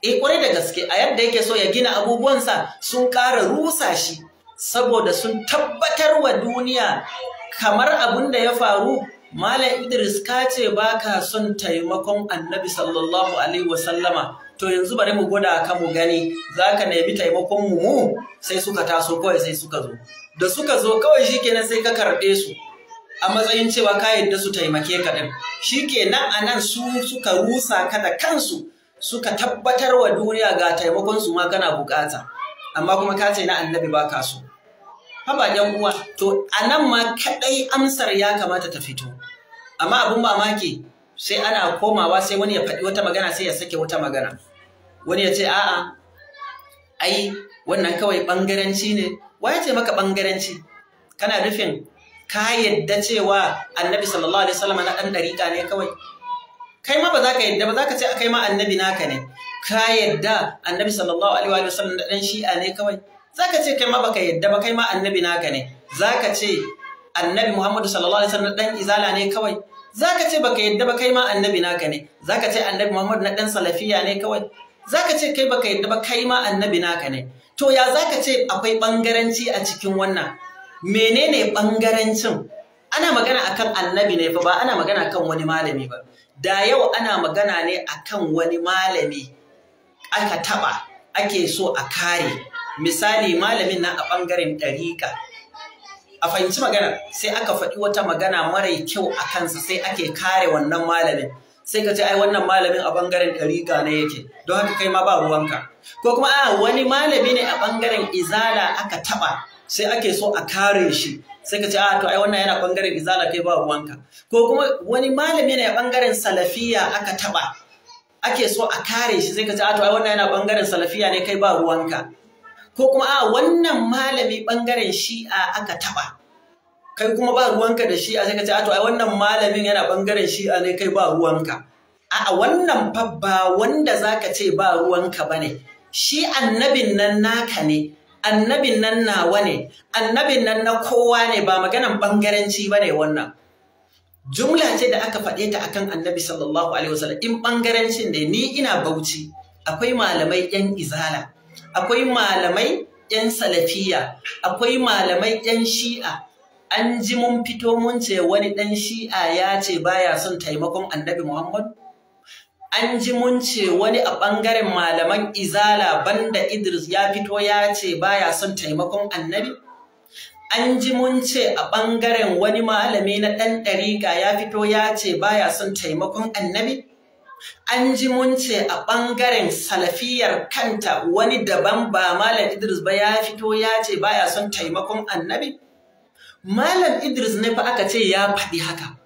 eh ƙwarai da gaske a yadda yake so ya gina abubuwansa sun ƙara rusa shi saboda sun tabbatar wa duniya kamar abin da ya faru Malam Idris ka ce ba ka son taimakon annabi sallallahu Alaihi wasallama to yanzu bari mu gwada ka mu gani za ka nemi taimakon mu mu sai suka taso kawai sai suka zo da suka zo kawai shi kenan sai ka karɓe su a matsayin cewa ka yadda su taimake ka din shikenan a nan su suka rusa ka da kansu suka tabbatar wa duniya ga taimakon su ma kana bukata amma kuma ka ce na annabi ba ka so ba yan uwa to a nan ma kadai amsar ya kamata ta fito amma abun mamaki sai ana komawa sai wani ya faɗi wata magana sai ya sake wata magana wani ya ce a'a ai wannan kawai bangaranci ne wa ya ce maka bangaranci kana rufin? ka yadda cewa annabi sallallahu alaihi wasallam na dan dariƙa ne kawai kai ma ba za ka yadda ba za ka ce kai ma annabi naka ne ka yadda annabi sallallahu alaihi wasallam na dan shi'a ne kawai za ka ce kai ma baka yadda ba kai ma annabi naka ne za ka ce annabi muhammadu sallallahu alaihi wasallam na dan izala ne kawai za ka ce baka yadda ba kai ma annabi naka ne za ka ce annabi muhammadu na ɗan salafiya ne kawai Za ka ce kai baka yadda ba kai ma annabi naka ne to ya za ka ce akwai ɓangaranci a cikin wannan menene ɓangarancin? ana magana akan annabi ne fa ba ana magana akan wani malami ba da yau ana magana ne akan wani malami aka taɓa ake so a kare misali malamin na a ɓangaren ɗariƙa a fahimci magana sai aka faɗi wata magana mara kyau a kansa sai ake kare wannan malamin sai ka ce ai wannan malamin a bangaren ɗariƙa ne yake don haka kai ma ba ruwanka ko kuma a ah, wani malami ne a bangaren izala aka taɓa sai ake so a kare shi sai ka ce a ah, to ai wannan yana bangaren izala kai ba ruwanka ko kuma wani malami ne a bangaren salafiya aka taɓa ake so a kare shi sai ka ce a ah, to ai wannan yana bangaren salafiya ne kai ba ruwanka ko kuma a wannan malami bangaren shi'a aka taɓa kai kuma ba ruwanka da shi a sai ka ce ato ai wannan malamin yana bangaren shi a ne kai ba ruwanka a'a wannan fa ba wanda zaka ce ba ruwanka bane shi annabin nan naka ne annabin nan nawa ne annabin nan na kowa ne ba maganan bangaranci bane wannan jumla ce da aka faɗe ta akan annabi sallallahu alaihi wasallam in bangarancin ne ni ina bauchi akwai malamai yan izala akwai malamai yan salafiya akwai malamai yan shi'a an ji mun fito mun ce wani ɗan shi'a ya ce baya son taimakon annabi Muhammad? An ji mun ce wani a ɓangaren malaman izala banda Idris ya fito ya ce baya son taimakon annabi? An ji mun ce a ɓangaren wani malami na ɗan ɗariƙa ya fito ya ce baya son taimakon annabi? An ji mun ce a ɓangaren salafiyar kanta wani daban ba Malam Idris ba ya fito ya ce baya son taimakon annabi? Malam Idris ne fa aka ce ya faɗi haka.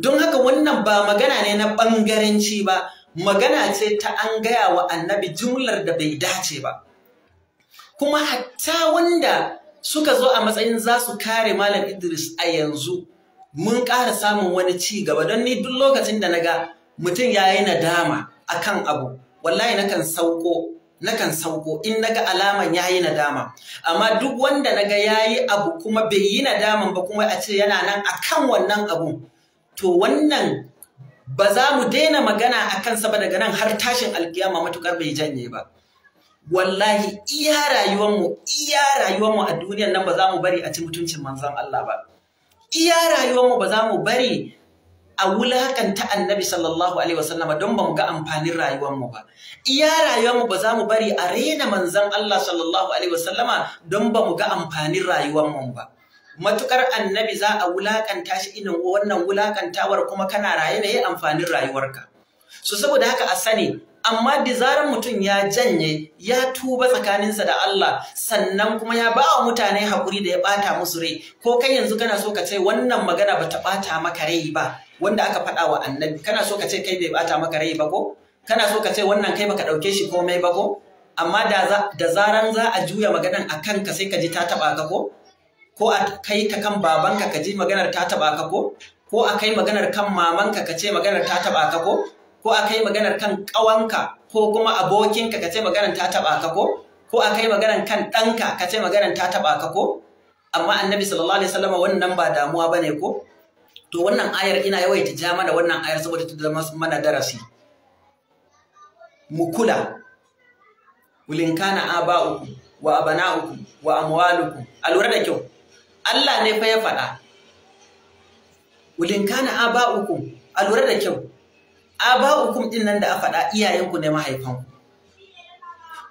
Don haka wannan ba magana ne na ɓangaranci ba, magana ce ta an gaya wa annabi jumlar da bai dace ba. Kuma hatta wanda suka zo a matsayin za su kare Malam Idris a yanzu, mun ƙara samun wani ci gaba don ni duk lokacin da na ga mutum ya yi nadama a kan abu, wallahi nakan sauko nakan sauko in naga alaman yayi nadama amma duk wanda naga yayi abu kuma bai yi nadaman ba kuma a ce yana nan akan wannan abun to wannan ba za mu daina magana a kansa ba daga nan har tashin alkiyama matukar bai janye ba wallahi iya rayuwanmu iya rayuwarmu a duniyar nan ba za mu bari a ci mutuncin manzon Allah ba iya rayuwanmu ba za mu bari a wulakanta annabi sallallahu alaihi wasallam don ba mu ga amfanin rayuwarmu ba iya rayuwarmu ba za mu bari a rena manzon Allah sallallahu alaihi wasallama don ba mu ga amfanin rayuwar mu ba matukar annabi za a wulakanta shi irin wannan wulakantawar kuma kana raye ne amfanin rayuwarka so saboda haka a sani amma da zaran mutum ya janye ya tuba tsakaninsa da Allah sannan kuma ya ba wa mutane hakuri da ya ɓata musu rai ko kai yanzu kana so ka ce wannan magana ba ta ɓata maka rai ba wanda aka faɗa wa annabi kana so ka ce kai bai bata maka rai ba ko kana so ka ce wannan kai baka dauke shi komai ba ko amma da zaran za a juya maganar a kanka sai ka ji ta taɓa ka ko ko a kai ta kan babanka ka ji maganar ta taɓa ka ko ko a kai maganar kan mamanka ka ce maganar ta taɓa ka ko ko a kai maganar kan kawanka ko kuma abokinka ka ce maganar ta taɓa ka ko ko a kai maganar kan ɗanka ka ce maganar ta taɓa ka ko amma annabi sallallahu alaihi wasallam wannan ba damuwa bane ko to wannan ayar ina yawaita ja mana wannan ayar saboda ta zama mana darasi mu kula ulin kana aba'ukum wa abana'ukum wa amwalukum alura da kyau Allah ne fa ya faɗa ulin kana aba'ukum alura da kyau aba'ukum din nan da a faɗa iyayenku ne mahaifanku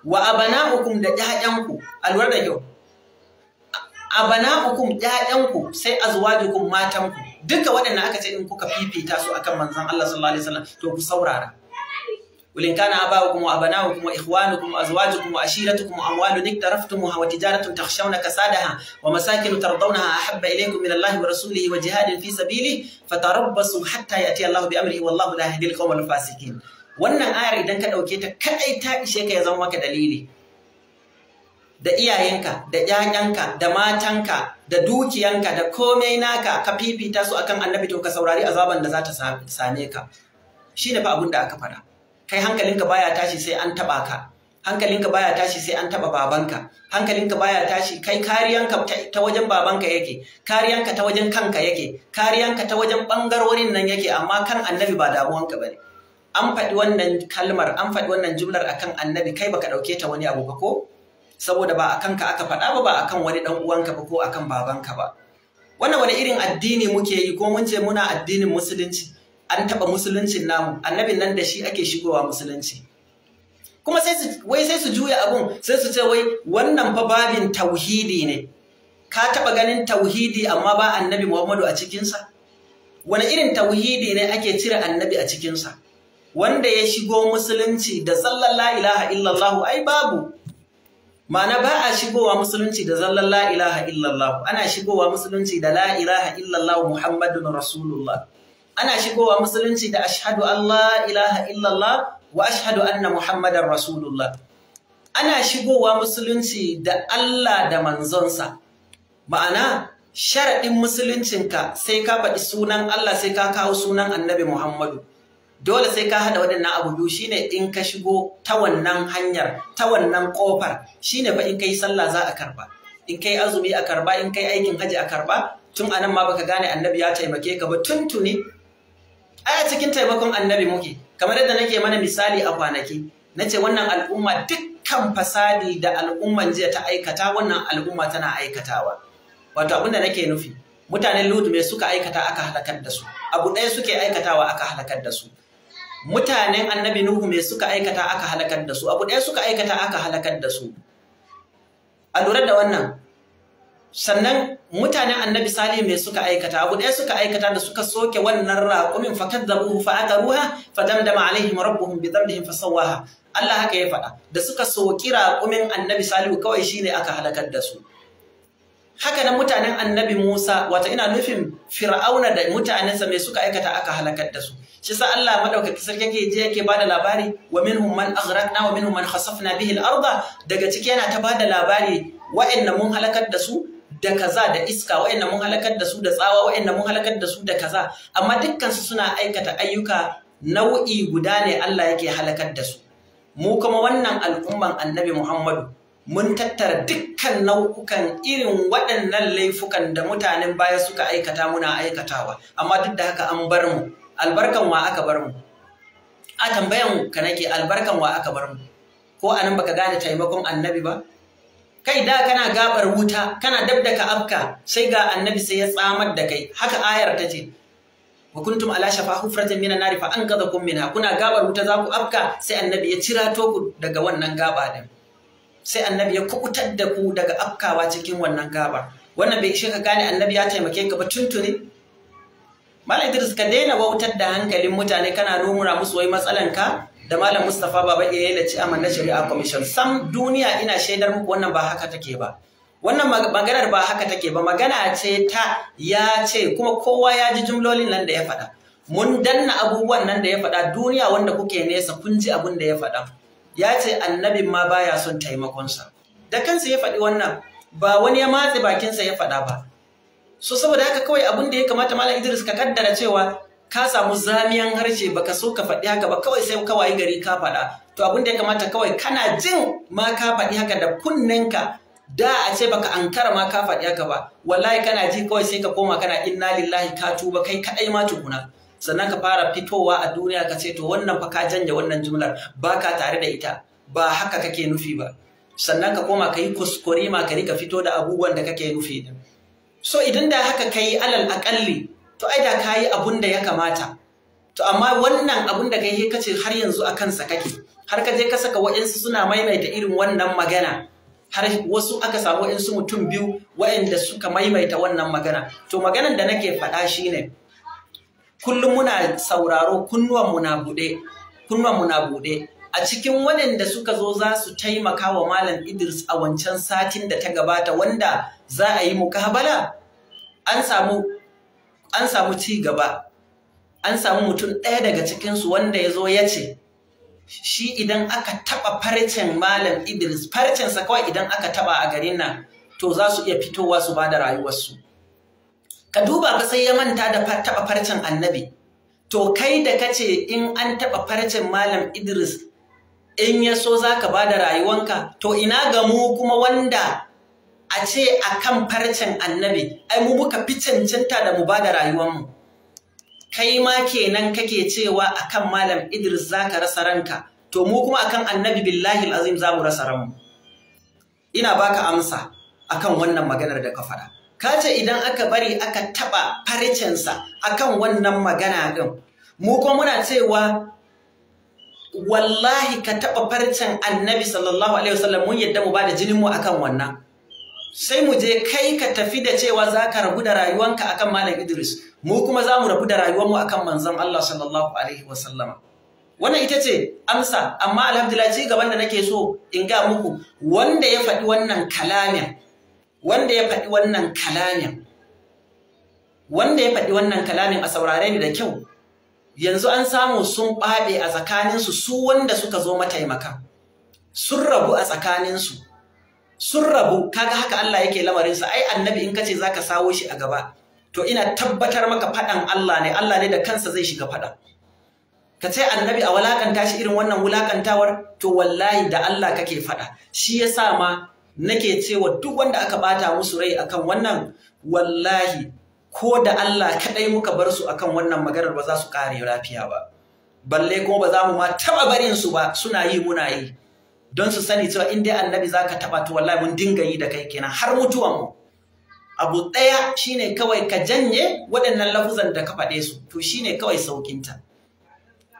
wa abana'ukum da ƴaƴanku alura da kyau abana'ukum ƴaƴanku sai azwajukum matanku duka waɗanda aka ce in kuka fifita su akan manzon Allah sallallahu alaihi wasallam to ku saurara ولن كان آباؤكم وأبناؤكم وإخوانكم وأزواجكم وأشيرتكم وأموال اقترفتموها وتجارة تخشون كسادها ومساكن ترضونها أحب إليكم من الله ورسوله وجهاد في سبيله فتربصوا حتى يأتي الله بأمره والله لا يهدي القوم الفاسقين wannan ayar idan ka ɗauke ta kaɗai ta ishe ka ya zama maka dalili da iyayenka da 'ya'yanka da matanka da dukiyanka da komai naka ka fifita su akan annabi to ka saurari azaban da za ta same ka shi ne fa abin da aka fara kai hankalinka baya tashi sai an taba ka hankalinka baya tashi sai an taba babanka hankalinka baya tashi kai kariyanka ta wajen babanka yake kariyanka ta wajen kanka yake kariyanka ta wajen bangarorin nan yake amma kan annabi ba damuwanka bane an faɗi wannan kalmar an faɗi wannan jumlar akan annabi kai baka ɗauke ta wani abu ba ko saboda ba a kanka aka faɗa ba ba kan wani dan uwanka ba ko akan babanka ba wannan wani irin addini muke yi ko mun ce muna addinin musulunci an taɓa musuluncin namu annabin nan da shi ake shigowa musulunci kuma sai su wai sai su juya abun sai su ce wai wannan fa babin tauhidi ne ka taɓa ganin tauhidi amma ba annabi Muhammadu a cikinsa wani irin tauhidi ne ake cire annabi a cikinsa wanda ya shigo musulunci da sallallahu ilaha illallahu ai babu Ma'ana ba a shigowa musulunci da zallan la ilaha illallah, ana shigowa musulunci da la ilaha illallah Muhammadun Rasulullah. Ana shigowa musulunci da ashhadu Allah ilaha illallah wa ashhadu anna Muhammadan Rasulullah. Ana shigowa musulunci da Allah da manzonsa. Ma'ana sharaɗin musuluncinka sai ka faɗi sunan Allah sai ka kawo sunan Annabi Muhammadu. dole sai ka haɗa waɗannan abu biyu shine in ka shigo ta wannan hanyar ta wannan ƙofar shine fa in kai sallah za a karba in kai azumi a karba in kai aikin haji a karba tun anan ma baka gane annabi ya taimake ka ba tuntuni ai a cikin taimakon annabi muke kamar yadda nake mana misali a kwanaki nace wannan al'umma dukkan fasadi da al'umman jiya ta aikata wannan al'umma tana aikatawa wato abinda nake nufi mutanen lud me suka aikata aka halakar da su abu ɗaya suke aikatawa aka halakar da su mutanen annabi Nuhu me suka aikata aka halakar da su abu ɗaya suka aikata aka halakar da su a lura da wannan sannan mutanen annabi Sali me suka aikata abu ɗaya suka aikata da suka soke wannan raƙumin da ruha, fadam da ma’alihim rabbuhun bi dhanbihim fasawwaha Allah haka ya faɗa da suka soki raƙumin annabi Sali kawai shine aka halakar da su haka nan mutanen annabi Musa wata ina nufin Fir'auna da mutanensa mai suka aikata aka halakar da su shi sa Allah madaukaki sarki yake je yake bada labari wa minhum man aghraqna wa minhum man khasafna bihi al ardha daga ciki yana ta bada labari wa'anna mun halakar da su da kaza da iska wa'anna mun halakar da su da tsawa wa'anna mun halakar da su da kaza amma dukkan su suna aikata ayyuka nau'i guda ne Allah yake halakar da su mu kuma wannan al'umman annabi Muhammadu mun tattara dukkan nau'ukan irin waɗannan laifukan da mutanen baya suka aikata muna aikatawa amma duk da haka an bar mu albarkan wa aka bar mu a tambayan ka nake albarkan wa aka bar mu ko anan baka gane taimakon annabi ba kai da kana gabar wuta kana dab da ka afka sai ga annabi sai ya tsamar da kai haka ayar ta ce wa kuntum ala shafa hufratin minan nari fa anqadhakum minha kuna gabar wuta za ku afka sai annabi ya cira ku daga wannan gaba din sai annabi ya kubutar da ku daga afkawa cikin wannan gaba wannan bai ishe ka gane annabi ya taimake ka ba tuntuni Malam Idris ka daina bautar da hankalin mutane kana rumura musu wai matsalan ka da Malam Mustapha Baba iya yana ci na Shari'a Commission sam duniya ina shaidar muku wannan ba haka take ba wannan maganar ba haka take ba magana ce ta ya ce kuma kowa ya ji jumlolin nan da ya faɗa mun danna abubuwan nan da ya faɗa duniya wanda kuke nesa kun ji abun da ya faɗa ya ce annabin ma baya son taimakonsa da kansa ya faɗi wannan ba wani ya matse bakinsa ya faɗa ba so saboda haka kawai abin da ya kamata malam Idris ka kaddara cewa ka samu zamiyan harshe baka so ka faɗi haka ba kawai sai kawai gari ka faɗa to abin da ya kamata kawai kana jin ma ka faɗi haka da kunnenka da a ce baka ankara ma ka faɗi haka ba wallahi kana ji kawai sai ka koma kana inna lillahi ka tuba kai kaɗai ma tukuna sannan ka fara fitowa a duniya ka ce to wannan fa ka janye wannan jumlar ba ka tare da ita ba haka kake nufi ba sannan ka koma ka yi kuskure ma ka rika fito da abubuwan da kake nufi din so idan da haka ka yi alal akalli to ai da ka yi abun da ya kamata to amma wannan abun da kai kace har yanzu a kansa kake har ka je ka saka wa'insu suna maimaita irin wannan magana har wasu aka samu su mutum biyu wa'inda suka maimaita wannan magana to maganan da nake faɗa shine ne kullum muna sauraro kunnuwanmu muna buɗe kunnuwanmu na bude a cikin waɗanda suka zo za su taimaka wa Malam Idris a wancan satin da ta gabata wanda za a yi mukahabala an samu an samu ci gaba an samu mutum ɗaya daga cikinsu wanda ya zo ya ce shi idan aka taɓa farcen Malam Idris farcensa kawai idan aka taɓa a garin nan to za su iya fitowa su ba da rayuwarsu ka duba ka sai ya manta da taɓa farcen annabi to kai da ka ce in an taɓa farcen malam Idris in ya so za ka ba da rayuwanka to ina ga mu kuma wanda a ce a kan farcen annabi ai mu muka fi cancanta da mu ba da rayuwanmu kai ma kenan kake cewa a kan malam Idris za ka rasa ranka to mu kuma a kan annabi billahi azim za mu rasa ranmu ina baka amsa akan wannan maganar da ka faɗa. kace idan aka bari aka taɓa farcensa akan wannan magana ɗin mu kuma muna cewa wallahi ka taɓa farcen annabi sallallahu alaihi wasallam mun yadda mu ba da jinin mu akan wannan sai mu je kai ka tafi da cewa za ka rabu da rayuwanka akan Malam Idris, mu kuma za mu rabu da rayuwanmu akan manzon Allah sallallahu Alaihi wasallam. Wannan ita ce amsa, amma alhamdulillah ci gaban da nake so in ga muku wanda ya faɗi wannan kalamin wanda ya faɗi wannan kalamin wanda ya faɗi wannan kalamin a saurare ni da kyau yanzu an samu sun ɓaɓe a tsakaninsu su wanda suka zo mataimaka sun rabu a tsakaninsu sun rabu kaga haka Allah yake lamarinsa ai annabi in kace zaka sawo shi a gaba to ina tabbatar maka faɗan Allah ne Allah ne da kansa zai shiga faɗa ka ce annabi a walakanta shi irin wannan wulakantawar to wallahi da Allah kake faɗa shi yasa ma nake cewa duk wanda aka bata musu rai akan wannan wallahi ko da Allah kadai muka bar su akan wannan maganar ba za su kare lafiya ba balle kuma ba za mu ma taba barin su ba suna yi muna yi don su sani cewa in dai annabi zaka taba to wallahi mun dinga yi da kai kenan har mutuwan mu abu ɗaya shine kawai ka janye waɗannan lafuzan da ka faɗe su to shine kawai saukinta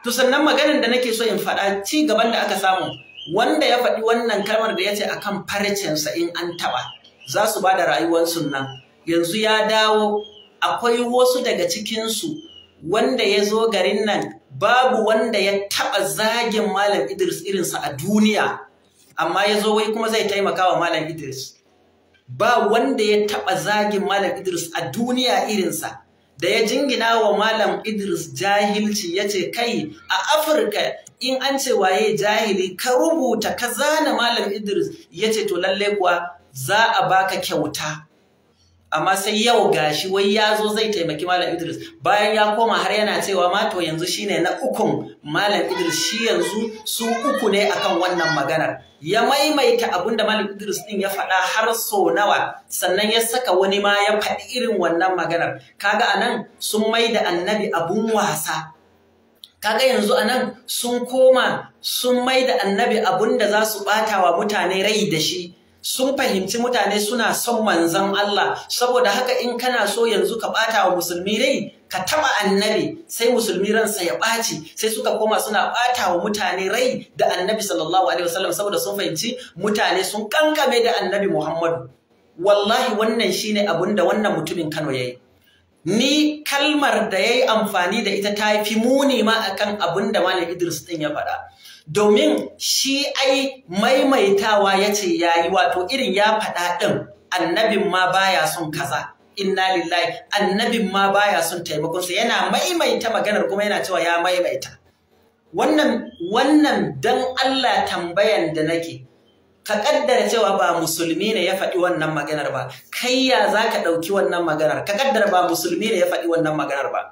to sannan maganar da nake so in faɗa ci gaban da aka samu wanda ya faɗi wannan kalmar da ya ce akan farcensa in an taɓa za su ba da rayuwarsu nan yanzu ya dawo akwai wasu daga cikinsu wanda ya zo garin nan babu wanda ya taɓa zagin Malam Idris irinsa a duniya amma ya zo wai kuma zai taimaka wa Malam Idris ba wanda ya taɓa zagin Malam Idris a duniya irinsa da ya jingina wa Malam Idris jahilci ya ce kai a Afirka in an ce waye jahili ka rubuta ka zana malam Idris ya ce to lallai kuwa za a baka kyauta amma sai yau gashi wai ya zo zai taimaki Malam Idris bayan ya koma har yana cewa ma to yanzu shine na ukun Malam Idris shi yanzu su uku ne akan wannan maganar ya maimaita abin da Malam Idris din ya faɗa har so nawa sannan ya saka wani ma ya faɗi irin wannan maganar kaga anan sun maida annabi abun wasa kaga yanzu a nan? sun koma sun mai da annabi abun da za su ɓata wa mutane rai da shi sun fahimci mutane suna son manzan Allah saboda haka in kana so yanzu ka ɓata wa musulmi rai ka taɓa annabi sai musulmi ransa ya ɓaci sai suka koma suna ɓata wa mutane rai da annabi sallallahu alaihi wasallam saboda sun fahimci mutane sun kankame da annabi Muhammadu wallahi wannan shine abun da wannan mutumin Kano yayi ni kalmar da ya yi amfani da ita ta fi muni ma akan abin da Malam Idris ɗin ya faɗa. Domin shi ai maimaitawa ya ce ya yi wato irin ya faɗa ɗin annabin ma baya son kaza. Inna lillahi annabin ma baya son taimakonsa yana maimaita maganar kuma yana cewa ya maimaita. Wannan wannan dan Allah tambayan da nake ka kaddara cewa ba musulmi ne ya faɗi wannan maganar ba kai ya za ka ɗauki wannan maganar ka kaddara ba musulmi ne ya faɗi wannan maganar ba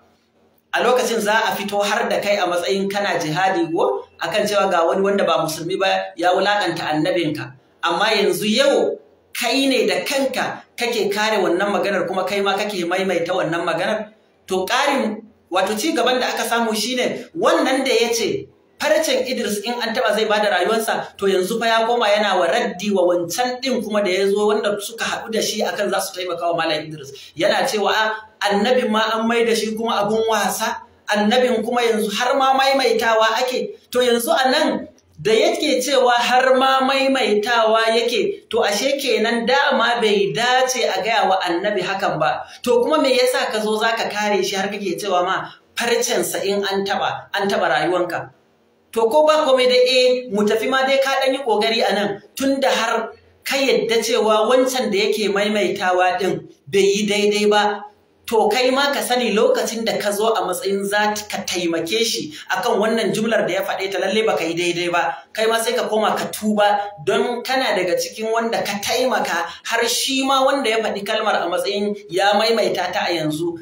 a lokacin za a fito har da kai a matsayin kana jihadi ko akan cewa ga wani wanda ba musulmi ba ya wulaƙanta annabinka amma yanzu yau kai ne da kanka kake kare wannan maganar kuma kai ma kake maimaita wannan maganar to ƙarin wato ci gaban da aka samu shine wannan da ya ce farcen Idris in an taba zai bada rayuwarsa to yanzu fa ya koma yana wa raddi wa wancan din kuma da ya zo wanda suka haɗu da shi akan za su taimaka wa Malam Idris yana cewa annabin ma an mai da shi kuma abun wasa annabin kuma yanzu har ma maimaitawa ake to yanzu a nan da yake cewa har ma maimaitawa yake to ashe kenan dama bai dace a gaya wa annabi hakan ba to kuma me yasa ka zo zaka kare shi har kake cewa ma farcensa in an taba an taba rayuwanka to ko ba komai da eh mu tafi ma dai ka ɗan yi ƙoƙari a nan tun da har ka yadda cewa wancan da yake maimaitawa ɗin bai yi daidai ba to kai ma ka sani lokacin da ka zo a matsayin za ka taimake shi akan wannan jumlar da ya faɗe ta lalle baka yi daidai ba kai ma sai ka koma ka tuba don kana daga cikin wanda ka taimaka har shi ma wanda ya faɗi kalmar a matsayin ya maimaita ta a yanzu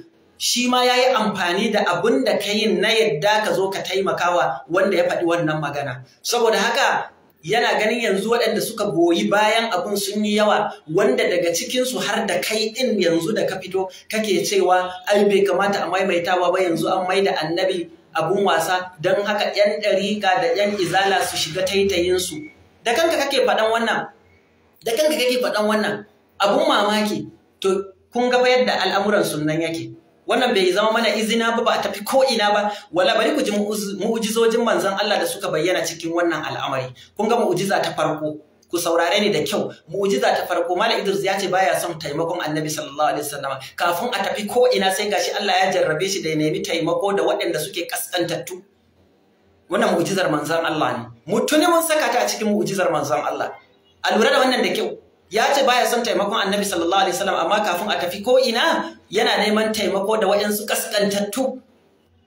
shi ma ya yi amfani da abin da ka yi na yadda ka zo ka taimakawa wanda ya faɗi wannan magana saboda haka yana ganin yanzu waɗanda suka goyi bayan abin sun yi yawa wanda daga cikinsu har da kai ɗin yanzu da ka fito kake cewa ai bai kamata a maimaitawa ba yanzu an mai da annabi abun wasa don haka 'yan ɗariƙa da 'yan izala su shiga taitayinsu da kanka kake faɗan wannan da kanka kake faɗan wannan abun mamaki to kun ga yadda al'amuran sunan yake wannan bai zama mana izina ba ba a tafi ko ina ba wala bari ku ji mu'ujizojin manzon Allah da suka bayyana cikin wannan al'amari kun ga mu'ujiza ta farko ku saurare ni da kyau mu'ujiza ta farko malam Idris ya ce baya son taimakon Annabi sallallahu alaihi wasallam kafin a tafi ko ina sai gashi Allah ya jarrabe shi da ya nemi taimako da waɗanda suke kaskantattu wannan mu'ujizar manzon Allah ne mutune mun saka ta a cikin mu'ujizar manzon Allah a lura da wannan da kyau ya ce baya son taimakon annabi sallallahu alaihi wasallam amma kafin a tafi ko ina yana neman taimako da waɗansu kaskantattu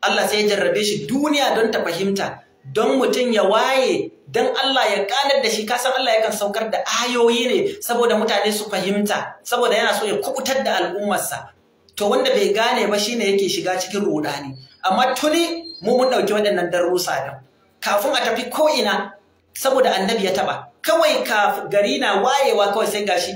Allah sai ya jarrabe shi duniya don ta fahimta don mutum ya waye don Allah ya kanar da shi kasan Allah yakan saukar da ayoyi ne saboda mutane su fahimta saboda yana so ya kubutar da al'ummarsa to wanda bai gane ba shine yake shiga cikin rudani amma tuni mu mun dauki waɗannan darussa da kafin a tafi ko ina saboda annabi ya taba kawai ka gari na wayewa kawai sai gashi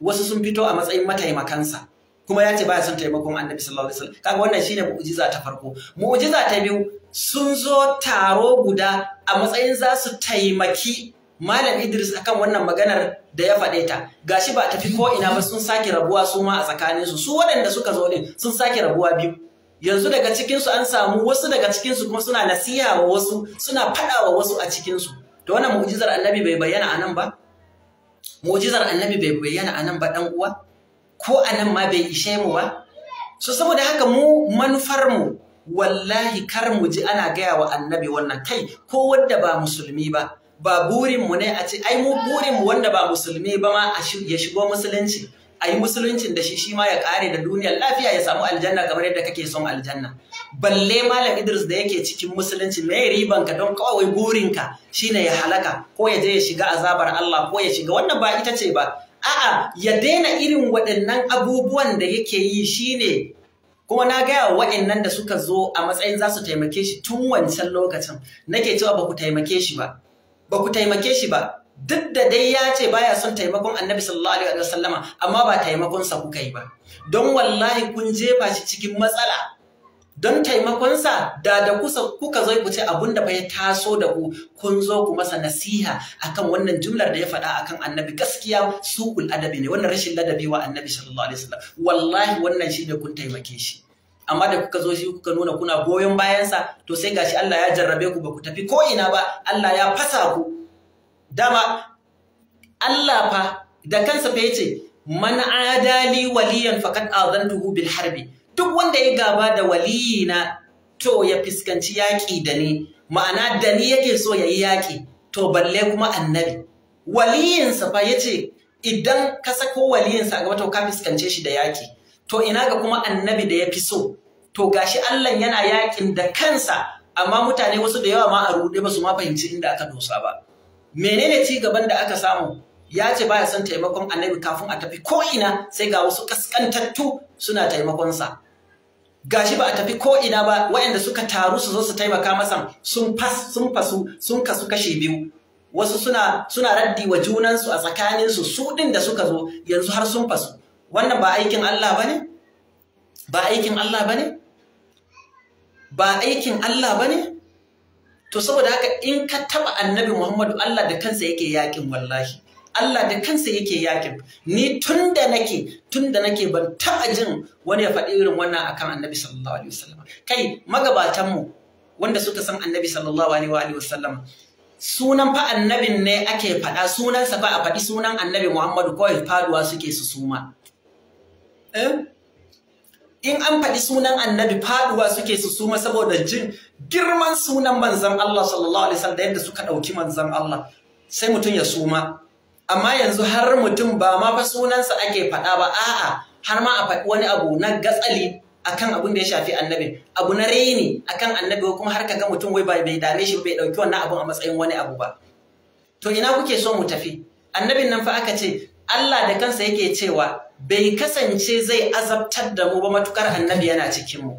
wasu sun fito a matsayin mataimakansa kuma ya ce baya son taimakon annabi sallallahu alaihi wasallam kaga wannan shine mu'jiza ta farko mu'jiza ta biyu sun zo taro guda a matsayin za su taimaki Malam Idris akan wannan maganar da ya faɗe ta gashi ba tafi ko ina ba sun sake rabuwa su ma a tsakaninsu su waɗanda suka zo din sun sake rabuwa biyu yanzu daga cikinsu an samu wasu daga cikinsu kuma suna nasiha wa wasu suna faɗa wa wasu a cikinsu to wannan mu'jizar annabi bai bayyana a nan ba mu'jizar annabi bai bayyana a nan ba dan uwa ko a nan ma bai ishe mu ba so saboda haka mu manufar mu wallahi kar mu ji ana gaya wa annabi wannan kai ko wanda ba musulmi ba ba burin mu ne a ce ai mu burin mu wanda ba musulmi ba ma ya shigo musulunci a yi musuluncin da shi shi ma ya kare da duniyar lafiya ya samu aljanna kamar yadda kake son aljanna balle malam Idris da yake cikin musulunci me ribanka don kawai burinka shine ya halaka ko ya je ya shiga azabar Allah ko ya shiga wannan ba ita ce ba a'a ya daina irin waɗannan abubuwan da yake yi shine kuma na gaya wa waɗannan da suka zo a matsayin za su taimake shi tun wancan lokacin nake cewa ba ku taimake shi ba ba ku taimake shi ba duk da dai ya ce baya son taimakon annabi sallallahu alaihi wasallama amma ba taimakon sa kuka yi ba don wallahi kun jefa shi cikin matsala don taimakonsa da da kusa kuka zo ku ce abun da bai taso da ku kun zo ku masa nasiha akan wannan jumlar da ya faɗa akan annabi gaskiya suƙul adabi ne wannan rashin ladabi wa annabi sallallahu alaihi wasallam wallahi wannan shi ne kun taimake shi amma da kuka zo shi kuka nuna kuna goyon bayansa to sai gashi Allah ya jarrabe ku ba ku tafi ko ina ba Allah ya fasa ku dama Allah fa da kansa fa yace man adali waliyan faqad azantuhu bil harbi duk wanda ya gaba da waliyina to ya fuskanci yaƙi da ni ma'ana da ni yake so ya yi yaƙi to balle kuma annabi waliyinsa fa ya ce idan ka sako waliyinsa a gaba to ka fuskance shi da yaƙi to ina ga kuma annabi da ya fi so to gashi Allah yana yaƙin da kansa amma mutane wasu da yawa ma a ruɗe ba su ma fahimci inda aka dosa ba menene ci gaban da aka samu ya ce baya son taimakon annabi kafin a tafi ko ina sai ga wasu kaskantattu suna taimakonsa gashi ba a tafi ko ina ba waɗanda suka taru su zo su taimaka masa sun fas sun fasu sun kasu kashe biyu wasu suna suna raddi wa junansu a tsakaninsu su ɗin da suka zo yanzu har sun fasu wannan ba aikin Allah bane ba aikin Allah bane ba aikin Allah bane to saboda haka in ka taba annabi Muhammadu Allah da kansa yake yakin wallahi Allah da kansa yake yakin ni tun da nake tun da nake ban taɓa jin wani ya faɗi irin wannan akan annabi sallallahu alaihi wasallam kai magabatan mu wanda suka san annabi sallallahu alaihi wasallam sunan fa annabin ne ake faɗa sunansa fa a faɗi sunan annabi Muhammadu kawai faduwa suke su suma eh? in an faɗi sunan annabi faduwa suke su suma saboda jin girman sunan manzon Allah sallallahu alaihi wasallam da yadda suka ɗauki manzon Allah sai mutum ya suma amma yanzu har mutum ba ma fa sunansa ake faɗa ba a'a har ma a faɗi wani abu na gatsali akan abin da ya shafi annabi abu na reni akan annabi kuma har ka ga mutum wai bai dame shi bai dauki wannan abun a matsayin wani abu ba to ina kuke so mu tafi annabin nan fa aka ce Allah da kansa yake cewa bai kasance zai azabtar da mu ba matukar annabi yana cikin mu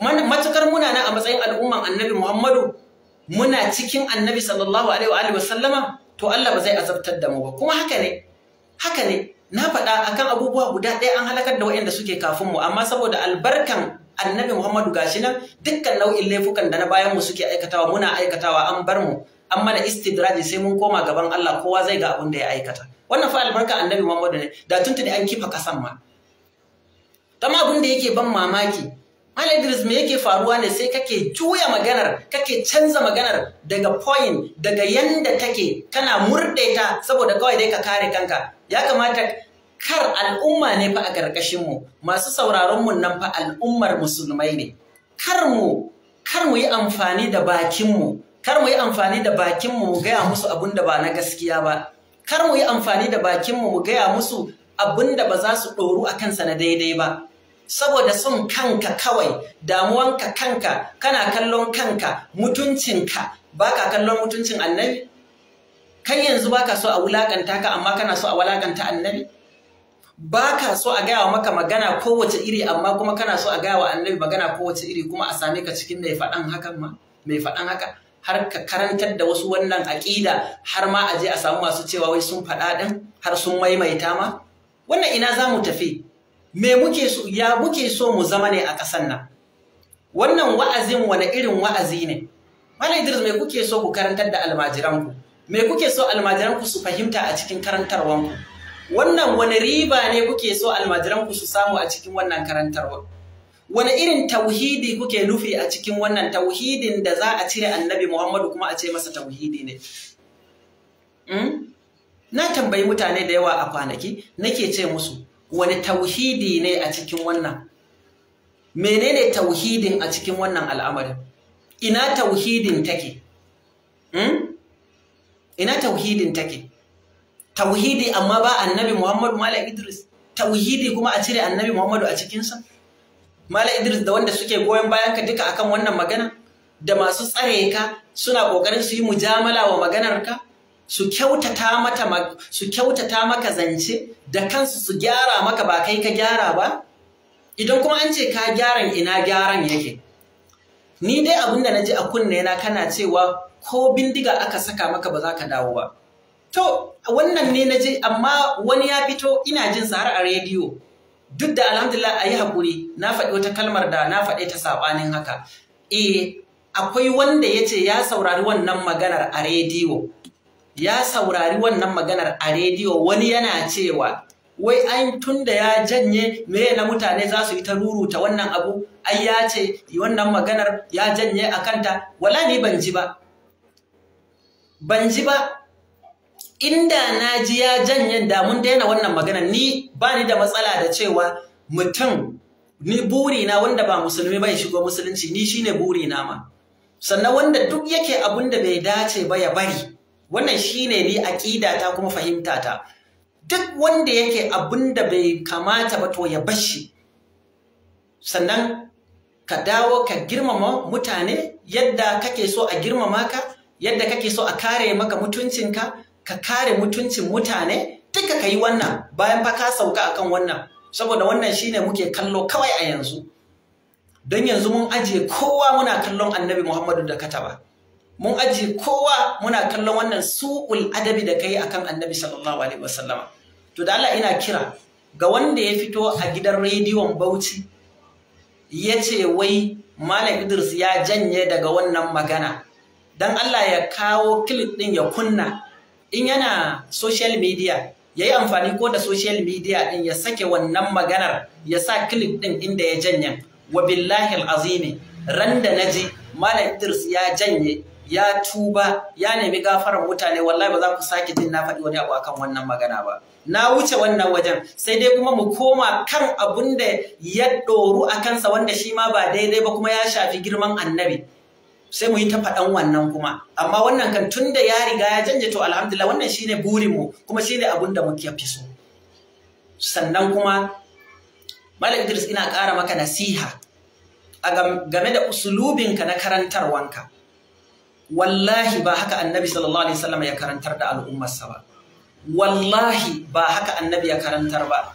matukar muna na a matsayin al'umman annabi Muhammadu muna cikin annabi sallallahu alaihi wa alihi to Allah ba zai azabtar da mu ba kuma haka ne haka ne na faɗa akan abubuwa guda ɗaya an halakar da waɗanda suke kafin mu amma saboda albarkan annabi Muhammadu gashi nan dukkan nau'in laifukan da na bayan mu suke aikatawa muna aikatawa an bar mu an mana istidraji sai mun koma gaban Allah kowa zai ga abin da ya aikata wannan fa albarka annabi Muhammadu ne da tuntuni an kifa kasan ma dan abin da yake ban mamaki Malam Idris me yake faruwa ne sai kake juya maganar, kake canza maganar daga point daga yanda take kana murɗe ta saboda kawai dai ka kare kanka. Ya kamata kar al'umma ne fa a ƙarƙashin mu, masu sauraron mu nan fa al'ummar musulmai ne. Kar mu kar mu yi amfani da bakin mu, kar mu yi amfani da bakin mu mu gaya musu abin da ba na gaskiya ba. Kar mu yi amfani da bakin mu mu gaya musu abin da ba za su ɗoru a kansa na daidai ba. saboda son kanka kawai damuwanka kanka kana kallon kanka mutuncinka baka kallon mutuncin annabi Kan yanzu baka so a wulakanta ka amma kana so a wulakanta annabi baka so a gaya maka magana kowace iri amma kuma kana so a gaya wa annabi magana kowace iri kuma a same ka cikin mai faɗan haka ma mai faɗan haka har ka karantar da wasu wannan aƙida har ma a je a samu masu cewa wai sun faɗa ɗin har sun maimaita ma wannan ina za mu tafi me muke so ya muke so mu zama ne a ƙasar nan wannan wa'azin wani irin wa'azi ne Malam Idris me kuke so ku karantar da almajiranku me kuke so almajiranku su fahimta a cikin karantarwanku wannan wani riba ne kuke so almajiranku su samu a cikin wannan karantarwa wani irin tauhidi kuke nufi a cikin wannan tauhidin da za a cire annabi Muhammadu kuma a ce masa tauhidi ne hmm? na tambayi mutane da yawa a kwanaki nake ce musu wani tauhidi ne a cikin wannan menene tauhidin a cikin wannan al'amarin ina tauhidin take hmm? ina tauhidin take tauhidi amma ba annabi Muhammadu mala Idris tauhidi kuma a cire annabi Muhammadu a cikinsa mala Idris da wanda suke goyon bayan ka duka akan wannan magana da masu tsare ka suna ƙoƙarin su yi mujamala wa maganar ka su kyautata maka zance da kansu su gyara maka ba kai ka gyara ba idan kuma an ce ka gyaran ina gyaran yake ni dai abin da naji a kunne na kana cewa ko bindiga aka saka maka ba za ka dawo ba to wannan ne naji amma wani ya fito ina jin sa har a rediyo duk da alhamdulillah a yi haƙuri na faɗi wata kalmar da na faɗe ta saɓanin haka eh akwai wanda ya ce ya saurari wannan maganar a rediyo ya saurari wannan maganar a rediyo wani yana cewa wai an tun da ya janye me na mutane za su yi ta ruruta wannan abu ai ya ce wannan maganar ya janye a kanta wala ni ban ji ba ban ji ba inda na ji ya janye da mun daina wannan maganar?' ni ba ni da matsala da cewa mutum ni burina wanda ba musulmi bai shigo musulunci ni shine burina ma sannan wanda duk yake abun da bai dace ba ya bari wannan shine ni aqida ta kuma fahimta ta duk wanda yake abin da bai kamata ba to ya bashi sannan ka dawo ka girmama mutane yadda kake so a girmama ka yadda kake so a kare maka mutuncinka ka kare mutuncin mutane duka ka yi wannan bayan fa ka sauka akan wannan saboda wannan shine muke kallo kawai a yanzu don yanzu mun ajiye kowa muna kallon annabi muhammadu da kataba mun aji kowa muna kallon wannan su'ul adabi da kai akan annabi sallallahu alaihi wasallama to da Allah ina kira ga wanda ya fito a gidan rediyon Bauchi ya ce wai Malam Idris ya janye daga wannan magana dan Allah ya kawo clip din ya kunna in yana social media yayi amfani ko da social media din ya sake wannan maganar ya sa clip ɗin inda ya janye wa billahi azimi Randa na naji malam idris ya janye ya tuba ya nemi gafarar mutane wallahi ba za ku sake jin na faɗi wani abu akan wannan magana ba na wuce wannan wajen sai dai kuma mu koma kan abun da ya ɗoru a kansa wanda shi ma ba daidai ba kuma ya shafi girman annabi sai mu yi ta faɗan wannan kuma amma wannan kan tun da ya riga ya janje to alhamdulillah wannan shine burinmu kuma shine abun da muke fi so sannan kuma Malam Idris ina ƙara maka nasiha game da usulubinka na karantarwanka. wallahi ba haka annabi sallallahu alaihi wasallam ya karantar da al'ummarsa ba wallahi ba haka annabi ya karantar ba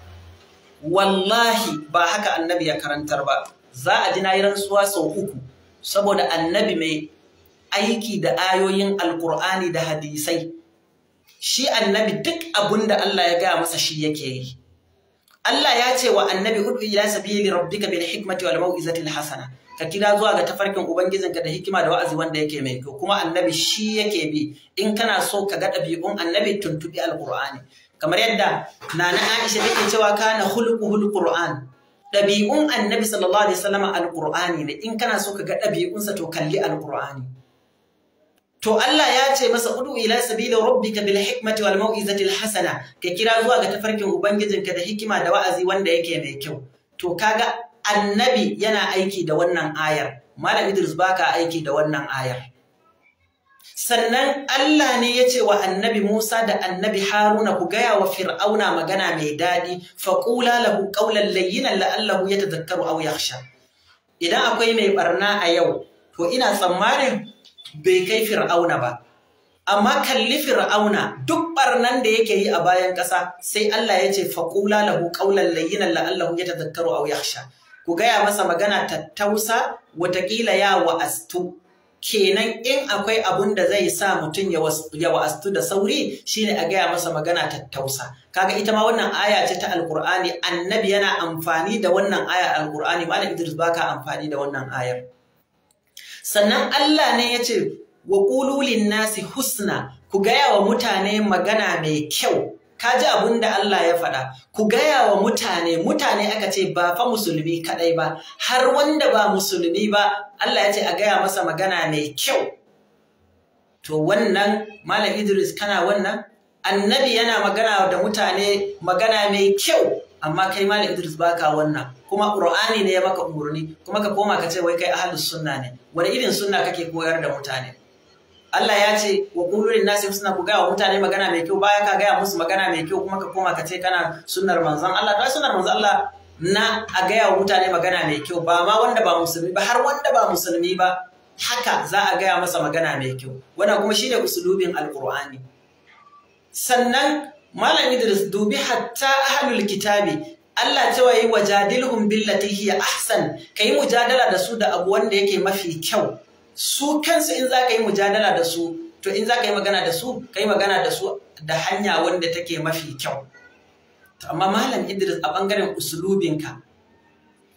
wallahi ba haka annabi ya karantar ba za a ji nayi rantsuwa sau uku saboda annabi mai aiki da ayoyin alkur'ani da hadisai shi annabi duk abun da Allah ya gaya masa shi yake yi Allah ya ce wa annabi hudu ila sabili rabbika bil hikmati wal mau'izati al hasana ka kira zuwa ga tafarkin ubangijinka da hikima da wa'azi wanda yake mai kyau kuma annabi shi yake bi in kana so ka ga ɗabi'un annabi tuntubi alqur'ani kamar yadda nana Aisha take cewa kana hulquhul qur'an ɗabi'un annabi sallallahu alaihi wasallam alqur'ani ne in kana so ka ga ɗabi'unsa to kalli alqur'ani to Allah ya ce masa udu ila sabila rabbika bil hikmati wal mau'izati al hasana ka kira zuwa ga tafarkin ubangijinka da hikima da wa'azi wanda yake mai kyau to kaga annabi yana aiki da wannan ayar malam Idris baka aiki da wannan ayar sannan Allah ne ya ce wa annabi Musa da annabi Haruna ku gaya wa Fir'auna magana mai daɗi faƙula lahu ƙaunar layyinan la'allahu ya tazakkaru au yakhsha idan akwai mai ɓarna a yau to ina tsammanin bai kai Fir'auna ba amma kalli Fir'auna duk ɓarnan da yake yi a bayan ƙasa sai Allah ya ce faƙula lahu ƙaunar layyinan la'allahu ya tazakkaru au yakhsha ku gaya masa magana tattausa watakila ya wa'astu kenan in akwai abun da zai sa mutum ya wa'astu da sauri shine a gaya masa magana tattausa kaga ita ma wannan aya ce ta alkur'ani annabi yana amfani da wannan aya alkur'ani malam idris baka amfani da wannan ayar sannan allah ne ya ce wa nasi husna ku gaya wa mutane magana mai kyau ka ji abin da Allah ya faɗa ku gaya wa mutane mutane aka ce ba fa musulmi kaɗai ba har wanda ba musulmi ba Allah ya ce a gaya masa magana mai kyau to wannan malam Idris kana wannan annabi yana magana da mutane magana mai kyau amma kai malam Idris baka wannan kuma Qur'ani ne ya maka umarni. kuma ka koma ka ce wai kai ahlus sunna ne wani irin sunna kake koyar da mutane Allah ya ce wa qulu nasi husna ku gaya wa mutane magana mai kyau baya ka gaya musu magana mai kyau kuma ka koma ka ce kana sunnar manzon Allah to sunnar manzon Allah na a gaya wa mutane magana mai kyau ba ma wanda ba musulmi ba har wanda ba musulmi ba haka za a gaya masa magana mai kyau wannan kuma shine usulubin alqur'ani sannan malam Idris dubi hatta ahlul kitabi Allah ta yi wajadilhum billati hiya ahsan kai mujadala da su da abu wanda yake mafi kyau su kansu in za ka yi mujadala da su to in za ka yi magana da su ka yi magana da su da hanya wanda take mafi kyau to amma malam idris a ɓangaren usulubinka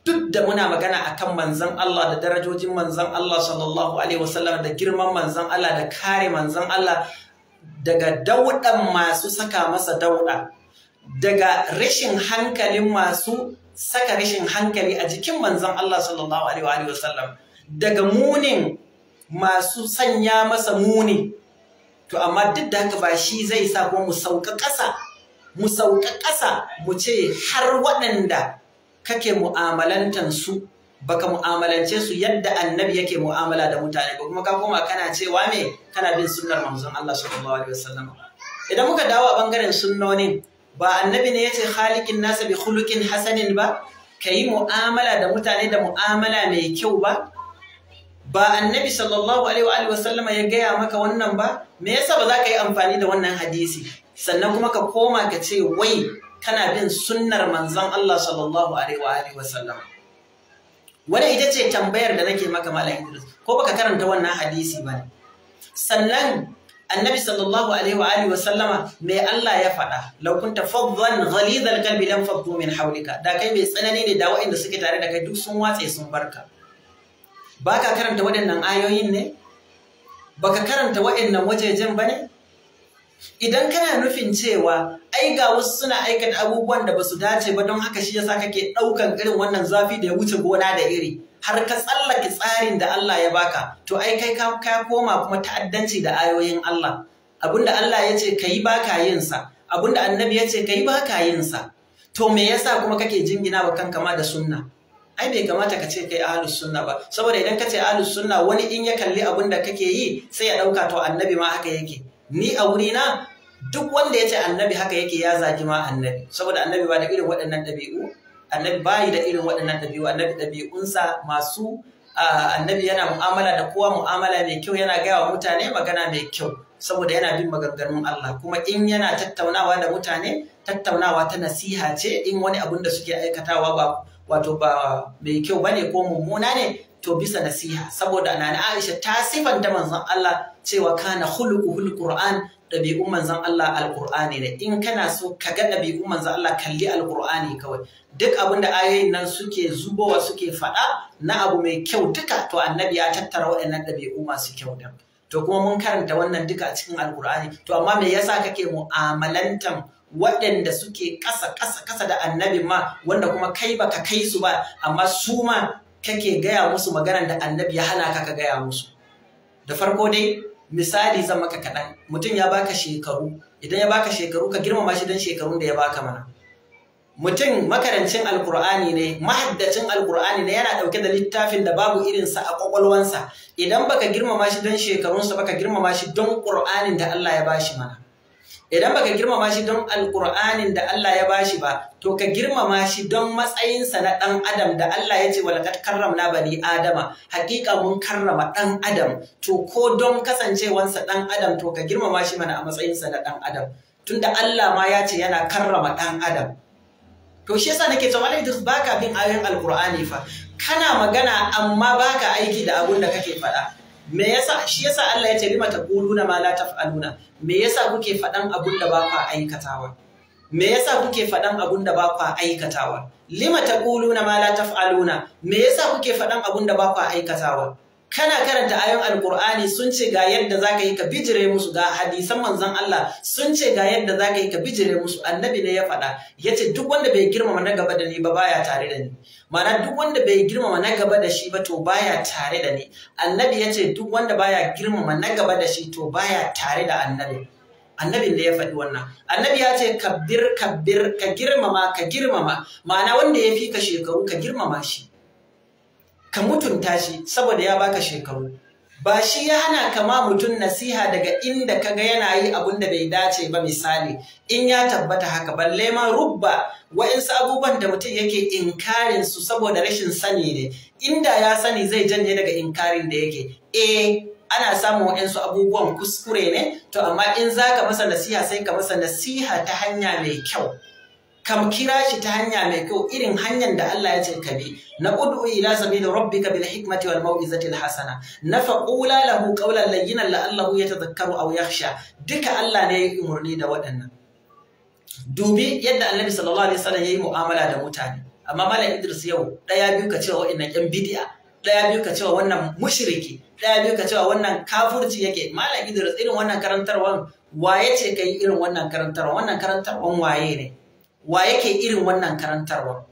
duk da muna magana akan manzan Allah da darajojin manzan Allah sallallahu alaihi wasallam da girman manzan Allah da kare manzan Allah daga dauɗan masu saka masa dauɗa daga rashin hankalin masu saka rashin hankali a jikin manzan Allah sallallahu alaihi wasallam daga munin masu sanya masa muni to amma duk da haka ba shi zai sa ko mu sauka ƙasa mu sauka ƙasa mu ce har waɗanda kake mu'amalantansu su baka mu'amalance su yadda annabi yake mu'amala da mutane ba kuma ka koma kana cewa me kana bin sunnar manzon Allah sallallahu alaihi wasallam idan muka dawo a bangaren sunnonin ba annabi ne yace khaliqin nasa bi hulukin hasanin ba kayi mu'amala da mutane da mu'amala mai kyau ba ba annabi sallallahu alaihi wa sallama ya gaya maka wannan ba me yasa ba za ka yi amfani da wannan hadisi sannan kuma ka koma ka ce wai kana bin sunnar manzon Allah sallallahu alaihi wa sallama wannan ita ce tambayar da nake maka malam Idris ko baka karanta wannan hadisi ba sannan annabi sallallahu alaihi wa sallama mai Allah ya faɗa law kunta faddan ghalidhal qalbi lam faddu min hawlika da kai mai tsanani ne da waɗanda suke tare da kai duk sun watse sun barka ba ka karanta waɗannan ayoyin ne ba ka karanta waɗannan wajejen ba ne idan kana nufin cewa ai ga wasu suna aikata abubuwan da ba su dace ba don haka shi yasa kake ɗaukan irin wannan zafi da ya wuce gona da iri har ka tsallake tsarin da Allah ya baka to ai kai ka koma kuma ta'addanci da ayoyin Allah abinda Allah ya ce kayi baka yin sa abinda annabi ya ce kayi baka yin sa to me yasa kuma kake jingina wa kanka ma da sunna ai bai kamata ka ce kai ahlus sunna ba saboda idan ka ce ahlus sunna wani in ya kalli abin da kake yi sai ya dauka to annabi ma haka yake ni a wuri na duk wanda ya ce annabi haka yake ya zagi ma annabi saboda annabi ba da irin waɗannan ɗabi'u annabi bayi da irin waɗannan ɗabi'u annabi ɗabi'unsa masu annabi yana mu'amala da kowa mu'amala mai kyau yana gaya wa mutane magana mai kyau saboda yana bin maganganun Allah kuma in yana tattaunawa da mutane tattaunawa ta nasiha ce in wani abun da suke aikatawa ba wato ba mai kyau ba ne ko mummuna ne to bisa nasiha saboda nana Aisha ta sifanta manzon Allah cewa kana khuluquhul Qur'an ɗabi'un manzon Allah alqur'ani ne in kana so ka ga ɗabi'un manzon Allah kalli alqur'ani kawai duk abin da ayoyin nan suke zubowa suke faɗa na abu mai kyau duka to annabi ya tattara waɗannan ɗabi'u masu kyau da to kuma mun karanta wannan duka a cikin alqur'ani to amma me yasa kake mu'amalantan waɗanda suke ƙasa ƙasa ƙasa da annabi ma wanda kuma kai baka kai su ba amma su ma kake gaya musu maganar da annabi ya hana ka gaya musu da farko dai misali zan maka kaɗan mutum ya baka shekaru idan ya baka shekaru ka girmama shi don shekarun da ya baka mana mutum makarancin alkur'ani ne mahaddacin alkur'ani ne yana ɗauke da littafin da babu irinsa a ƙwaƙwalwansa idan baka girmama shi don shekarunsa baka girmama shi don ƙur'anin da Allah ya bashi mana idan baka girmama shi don alƙur'anin da Allah ya bashi ba to ka girmama shi don matsayinsa na ɗan adam da Allah ya ce walakat karramna bani adama hakika mun karrama ɗan adam to ko don kasancewansa ɗan adam to ka girmama shi mana a matsayinsa na ɗan adam tunda Allah ma ya ce yana karrama ɗan adam to shi yasa nake cewa Idris baka bin ayoyin alƙur'ani fa kana magana amma baka aiki da abun da kake faɗa me yasa shi yasa Allah ya ce lima taquluna ma la taf'aluna me yasa kuke faɗan abun da ba kwa aikatawa me yasa kuke faɗan abun da ba kwa aikatawa lima taquluna ma la taf'aluna me yasa kuke faɗan abun da ba kwa aikatawa kana karanta ayon alkur'ani sun ce ga yadda za ka yi ka bijire musu ga hadisan manzan Allah sun ce ga yadda za ka yi ka bijire musu annabi ne ya faɗa ya ce duk wanda bai girmama na gaba da ni ba baya tare da ni ma'ana duk wanda bai girmama na gaba da shi ba to baya tare da ni annabi ya ce duk wanda baya girmama na gaba da shi to baya tare da annabi annabi ne ya faɗi wannan annabi ya ce kabbir kabbir ka girmama ka girmama ma'ana wanda ya fi ka shekaru ka girmama shi ka mutunta shi saboda ya baka shekaru ba shi ya hana kama mutum nasiha daga inda kaga yana yi abun da bai dace ba misali in ya tabbata haka balle ma rubba wa'insu abubuwan da mutum yake inkarin su saboda rashin sani ne inda ya sani zai janye daga inkarin da yake eh ana samun waɗansu abubuwan kuskure ne to amma in za ka masa nasiha sai ka masa nasiha ta hanya mai kyau kam kira shi ta hanya mai kyau irin hanyar da Allah ya ce ka bi na ud'u ila sabili rabbika bil hikmati wal mau'izati al hasana na faqula lahu qawlan layyinan la'allahu yatadhakkaru aw yakhsha duka Allah ne ya umurni da waɗannan dubi yadda Annabi sallallahu alaihi wasallam yayi mu'amala da mutane amma malam Idris yau daya biyu ka cewa wa'annan yan bid'a daya biyu ka cewa wannan mushriki daya biyu ka cewa wannan kafurci yake malam Idris irin wannan karantarwan waye ce kai irin wannan karantarwan wannan karantarwan waye ne wa yake irin wannan karantarwa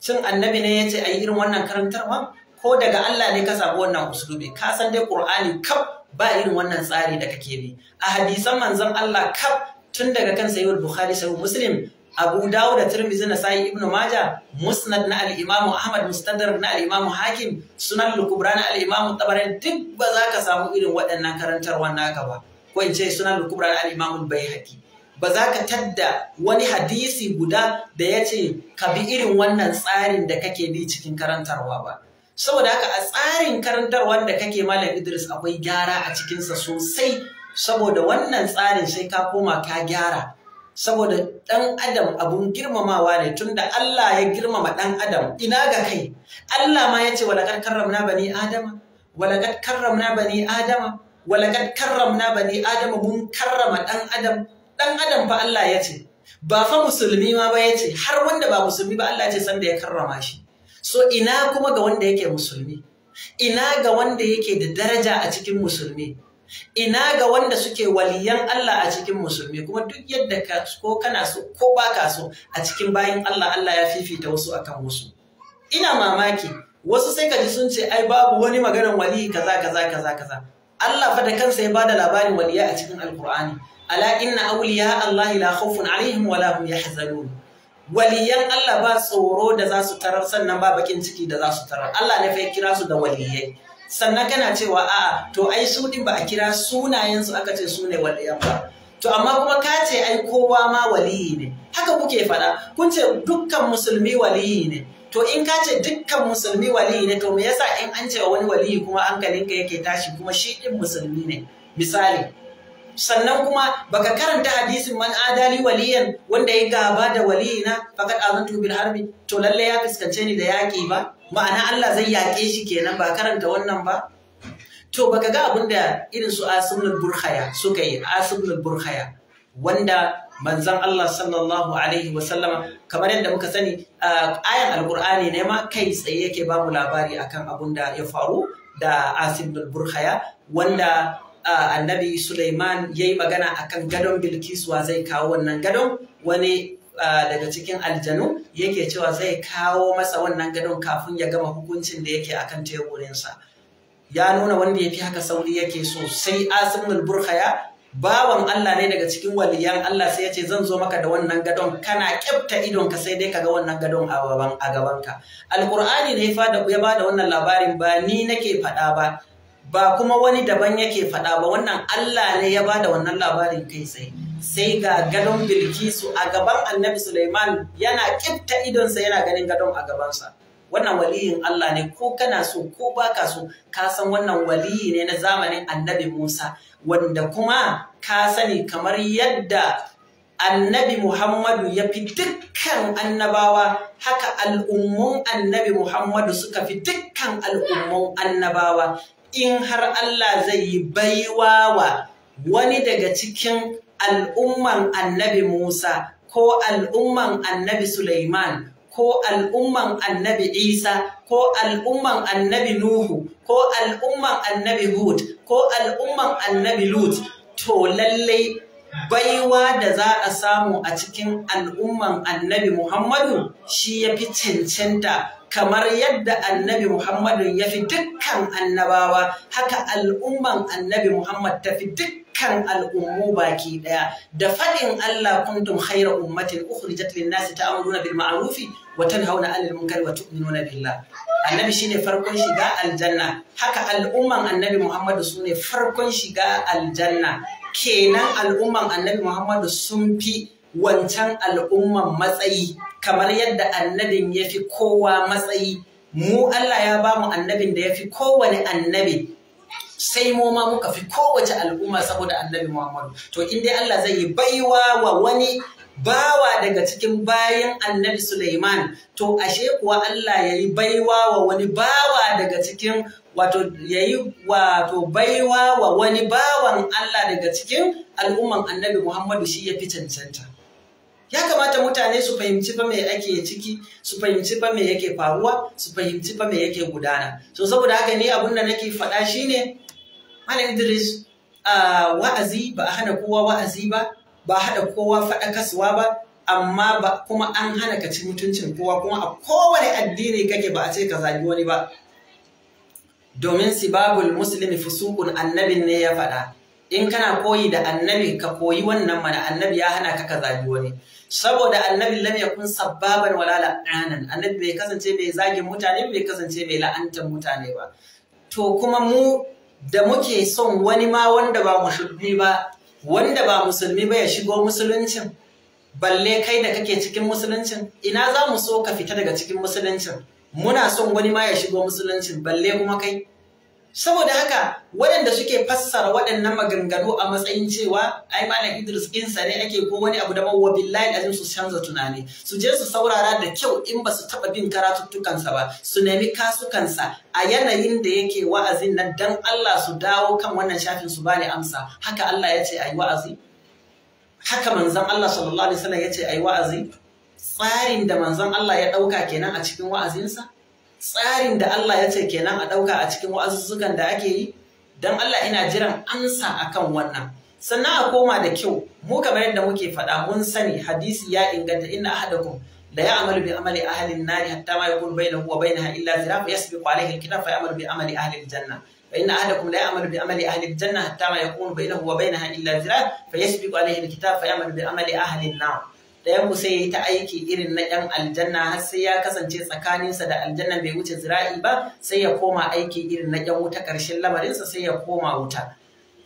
shin annabi ne ya ce a yi irin wannan karantarwa ko daga Allah ne ka samu wannan usulubi ka san dai Qur'ani kaf ba irin wannan tsari da kake bi a hadisan manzon Allah kaf tun daga kan sayyid Bukhari sahih Muslim Abu Dawud da Tirmidhi na sayi Ibn Majah Musnad na al-Imam Ahmad Mustadrak na al-Imam Hakim Sunan al-Kubra na al-Imam Tabarani duk ba za ka samu irin waɗannan karantarwa naka ba ko in ce Sunan al-Kubra na al-Imam Baihaqi ba za ka tadda wani hadisi guda da ya ce ka bi irin wannan tsarin da kake bi cikin karantarwa ba. Saboda haka a tsarin karantarwar da kake Malam Idris akwai gyara a cikinsa sosai saboda wannan tsarin sai ka koma ka gyara. Saboda ɗan Adam abun girmamawa ne tunda Allah ya girmama ɗan Adam ina ga kai. Allah ma ya ce walakar karramna bani Adama, walakar karramna bani Adama, walakar karramna bani Adama mun karrama ɗan Adam. dan adam fa Allah ya ce ba fa musulmi ma ba ya ce har wanda ba musulmi ba Allah ce sanda ya karrama shi so ina kuma ga wanda yake musulmi ina ga wanda yake da daraja a cikin musulmi ina ga wanda suke waliyan Allah a cikin musulmi kuma duk yadda ka ko kana so ko baka so a cikin bayan Allah Allah ya fifita wasu akan wasu ina mamaki wasu sai ka ji sun ce ai babu wani maganar wali kaza kaza kaza kaza Allah fa da kansa ya bada labarin waliya a cikin Alkur'ani ala inna awliya Allah la khawfun alaihim wa la hum yahzanun waliyan Allah ba tsoro da za su tarar sannan ba bakin ciki da za su tarar Allah ne fa kira su da waliyai sannan kana cewa a'a to ai su din ba a kira sunayen su aka ce su ne waliyan ba to amma kuma ka ce ai kowa ma waliyi ne haka kuke fada? kun ce dukkan musulmi waliyi ne to in ka ce dukkan musulmi waliyi ne to me yasa in an ce wani waliyi kuma hankalinka yake tashi kuma shi din musulmi ne misali sannan kuma baka karanta hadisin man adali waliyan wanda ya gaba da waliyina faqad azantu bil harbi to lalle ya fuskance ni da yaƙi ba ma'ana Allah zai yake shi kenan ba karanta wannan ba to baka ga abin da irin su asimul burhaya suka yi asimul burhaya wanda manzon Allah sallallahu alaihi wa Sallama kamar yadda muka sani ayan alqur'ani ne ma kai tsaye yake babu labari akan abin da ya faru da asimul burhaya wanda annabi Suleiman ya yi magana a kan gadon wa zai kawo wannan gadon wani daga cikin aljanu yake cewa zai kawo masa wannan gadon kafin ya gama hukuncin da yake kan teburinsa ya nuna wanda ya fi haka sauri yake so sai asimul burkhaya bawan Allah ne daga cikin waliyan Allah sai ya ce zan zo maka da wannan gadon kana kyafta idon ka sai dai ka ga wannan gadon a gaban gabanka da ne ya bada wannan labarin ba ni nake faɗa ba ba kuma wani daban yake faɗa ba wannan Allah ne ya ba da wannan labarin kai sai sai ga gadon Bilkisu a gaban Annabi Sulaiman yana kifta idonsa yana ganin gadon a gabansa wannan waliyin Allah ne ko kana so ko baka so ka san wannan waliyi ne na zamanin Annabi Musa wanda kuma ka sani kamar yadda Annabi Muhammadu ya fi dukkan annabawa haka al'ummun Annabi Muhammadu suka fi dukkan al'ummun annabawa in har Allah zai yi baiwa wa wani daga cikin al'umman annabi Musa ko al'umman annabi Sulaiman ko al'umman annabi Isa ko al'umman annabi Nuhu ko al'umman annabi Hud ko al'umman annabi Lut to lallai baiwa da za a samu a cikin al'umman annabi Muhammadu shi ya fi cancanta kamar yadda annabi Muhammadu ya fi dukkan annabawa haka al'umman annabi Muhammad ta fi dukkan al'ummu baki ɗaya da faɗin Allah kuntum haira ummatin ukhrijat lin-nasi ta'muruna bil ma'rufi wa tanhauna 'anil munkari wa tu'minuna billah annabi shine farkon shiga aljanna haka al'umman annabi Muhammadu sune farkon shiga aljanna kenan al'umman annabi Muhammadu sun fi wancan al'umman matsayi kamar yadda annabin ya fi kowa matsayi mu Allah ya ba mu annabin da ya fi kowane annabi sai mu ma muka fi kowace al'umma saboda annabi Muhammadu to in dai Allah zai yi baiwa wa wani bawa daga cikin bayan annabi Sulaiman to ashe kuwa Allah ya yi baiwa wa wani bawa daga cikin wato ya yi wato baiwa wa wani bawan Allah daga cikin al'umman annabi Muhammadu shi ya fi cancanta ya kamata mutane su fahimci fa me ake ciki su fahimci fa me yake faruwa su fahimci fa me yake gudana so saboda haka ni abun da nake faɗa shine Malam Idris a wa'azi ba a hana kowa wa'azi ba ba a hada kowa kasuwa ba amma ba kuma an hana ka ci mutuncin kowa kuma a kowane addini kake ba a ce ka zagi wani ba domin sibabul muslimi fusukun annabin ne ya faɗa in kana koyi da annabi ka koyi wannan mana annabi ya hana ka ka zagi wani saboda annabi lam yakun sabbaban wala la'anan annabi bai kasance mai zagin mutane bai kasance mai la'antar mutane ba to kuma mu da muke son wani ma wanda ba musulmi ba wanda ba musulmi ba ya shigo musuluncin balle kai da kake cikin musuluncin ina za mu so ka fita daga cikin musuluncin muna son wani ma ya shigo musuluncin balle kuma kai saboda haka waɗanda suke fassara waɗannan maganganu a matsayin cewa ai malam Idris in ne ake ko wani abu da mawwa billahi azim su canza tunani su je su saurara da kyau in ba su taɓa bin karatuttukansa ba su nemi kasukansa a yanayin da yake wa'azin nan dan Allah su dawo kan wannan shafin su bani amsa haka Allah ya ce ai wa'azi haka manzon Allah sallallahu alaihi wasallam ya ce ai wa'azi tsarin da manzon Allah ya ɗauka kenan a cikin wa'azinsa tsarin da Allah ya ce kenan a ɗauka a cikin wa'azuzzukan da ake yi don Allah ina jiran ansa akan wannan sannan a koma da kyau mu kamar yadda muke faɗa mun sani hadisi ya inganta inna ahadakum la ya'malu bi amali ahli an-nar hatta ma yakun bainahu wa bainaha illa ziraf yasbiqu alayhi al-kitab fa ya'malu bi amali ahli al-janna fa inna ahadakum la ya'malu bi amali ahli al-janna hatta ma yakun bainahu wa bainaha illa ziraf fa yasbiqu alayhi al-kitab fa ya'malu bi amali ahli an-nar ɗayan mu sai ya yi ta aiki irin na yan aljanna har sai ya kasance tsakaninsa da aljanna bai wuce zira'i ba sai ya koma aiki irin na ɗan wuta ƙarshen lamarinsa sai ya koma wuta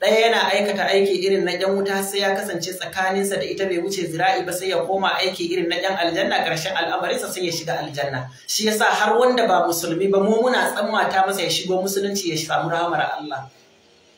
ɗaya yana aikata aiki irin na ɗan wuta sai ya kasance tsakaninsa da ita bai wuce zira'i ba sai ya koma aiki irin na yan aljanna ƙarshen al'amarinsa sai ya shiga aljanna shi yasa har wanda ba musulmi ba mu muna tsammata masa ya shigo musulunci ya samu rahamar Allah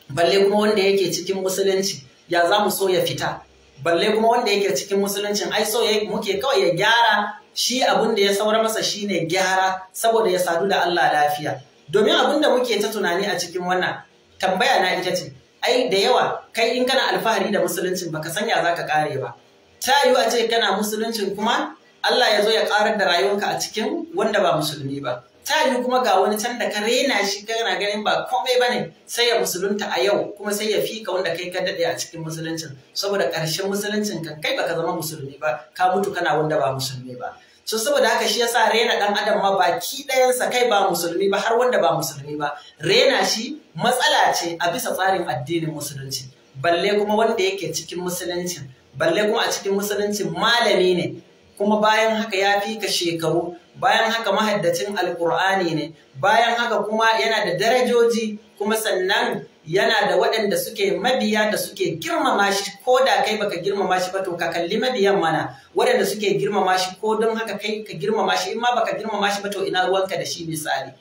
balle kuma wanda yake cikin musulunci ya za mu so ya fita balle kuma wanda yake cikin musuluncin ai so muke kawai ya gyara shi abin da ya saura masa shine gyara saboda ya sadu da Allah lafiya domin abin da muke ta tunani a cikin wannan tambaya na ita ce ai da yawa kai in kana alfahari da musuluncin baka sanya zaka kare ba ta yi a ce kana musuluncin kuma Allah ya zo ya karar da rayuwanka a cikin wanda ba musulmi ba ta kuma ga wani can da ka rena shi kana ganin ba komai ba ne sai ya musulunta a yau kuma sai ya fika wanda kai ka daɗe a cikin musuluncin saboda ƙarshen musuluncin kan kai ba ka zama musulmi ba ka mutu kana wanda ba musulmi ba so saboda haka shi ya yasa rena ɗan adam ma baki ɗayansa kai ba musulmi ba har wanda ba musulmi ba rena shi matsala ce a bisa tsarin addinin musulunci balle kuma wanda yake cikin musuluncin balle kuma a cikin musuluncin malami ne kuma bayan haka ya fika shekaru bayan haka mahaddacin alkur'ani ne bayan haka kuma yana da darajoji kuma sannan yana da waɗanda suke mabiya da suke girmama shi ko da kai baka girmama shi ba to ka kalli mabiyan mana waɗanda suke girmama shi ko don haka kai ka girmama shi in ma baka girmama shi ba to ina ruwanka da shi misali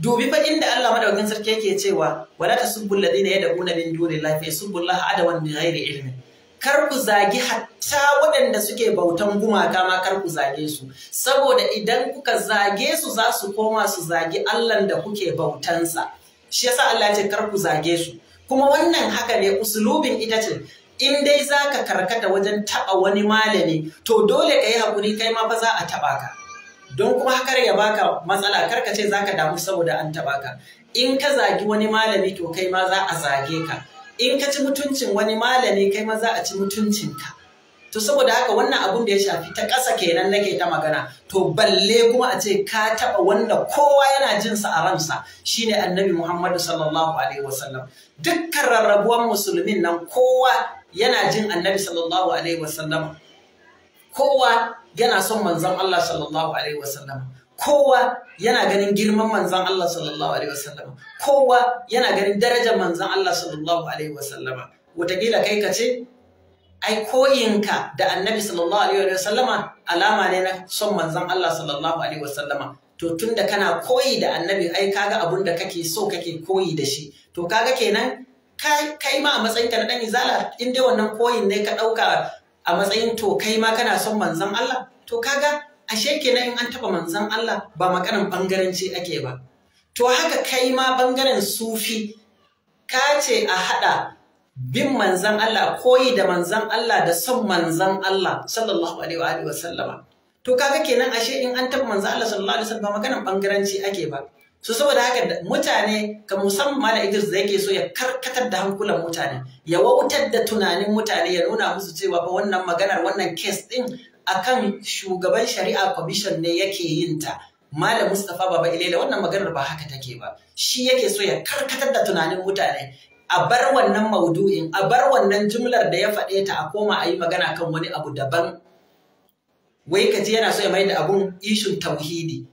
dubi fa inda Allah madaukakin sarki yake cewa wala tasubbu alladhina yad'una min dunillahi fa yasubbu Allah adawan bighairi ilmin kar ku zagi hatta waɗanda suke bautan gumaka ma kar ku zage su saboda idan kuka zage su za su koma su zagi Allah da kuke bautansa shi yasa Allah ce kar ku zage su kuma wannan haka ne usulubin ita ce in dai zaka karkata wajen taɓa wani malami to dole ka yi hakuri kai ma fa za a taɓa ka don kuma hakar ya baka matsala karka ce zaka damu saboda an taɓa ka in ka zagi wani malami to kai ma za a zage ka in ka ci mutuncin wani malami kai ma za a ci mutuncinka to saboda haka wannan abun da ya shafi ta ƙasa kenan nake ta magana to balle kuma a ce ka taɓa wanda kowa yana jin sa a ransa shine annabi Muhammadu sallallahu alaihi wasallam dukkan rarrabuwan musulmin nan kowa yana jin annabi sallallahu alaihi wasallam kowa yana son manzon Allah sallallahu alaihi wasallam kowa yana ganin girman manzan Allah sallallahu alaihi wasallama kowa yana ganin darajar manzan Allah sallallahu alaihi wasallama wataƙila kai ka ce ai koyinka da annabi sallallahu alaihi wasallama alama ne na son manzan Allah sallallahu alaihi wasallama to tunda kana koyi da annabi ai kaga abun da kake so kake koyi da shi to kaga kenan kai ma a matsayin ka na dan izala in dai wannan koyin ne ka ɗauka a matsayin to kai ma kana son manzan Allah to kaga ashe kenan in an taba manzan Allah ba maganan bangaranci ake ba to haka kai ma bangaren sufi ka ce a haɗa bin manzan Allah koyi da manzan Allah da son manzan Allah sallallahu alaihi wa sallama to kaga kenan ashe in an taba manzan Allah sallallahu alaihi wa ba maganan bangaranci ake ba su saboda haka mutane ka musamman mala idris da yake so ya karkatar da hankulan mutane ya wautar da tunanin mutane ya nuna musu cewa ba wannan maganar wannan kes ɗin. akan shugaban shari'a commission ne yake yin ta Malam Mustapha Baba Ilela wannan maganar ba haka take ba shi yake so ya karkatar da tunanin mutane a bar wannan maudu'in a bar wannan jumlar da ya faɗe ta a koma a yi magana kan wani abu daban wai kaji yana so ya mai da abun ishun tauhidi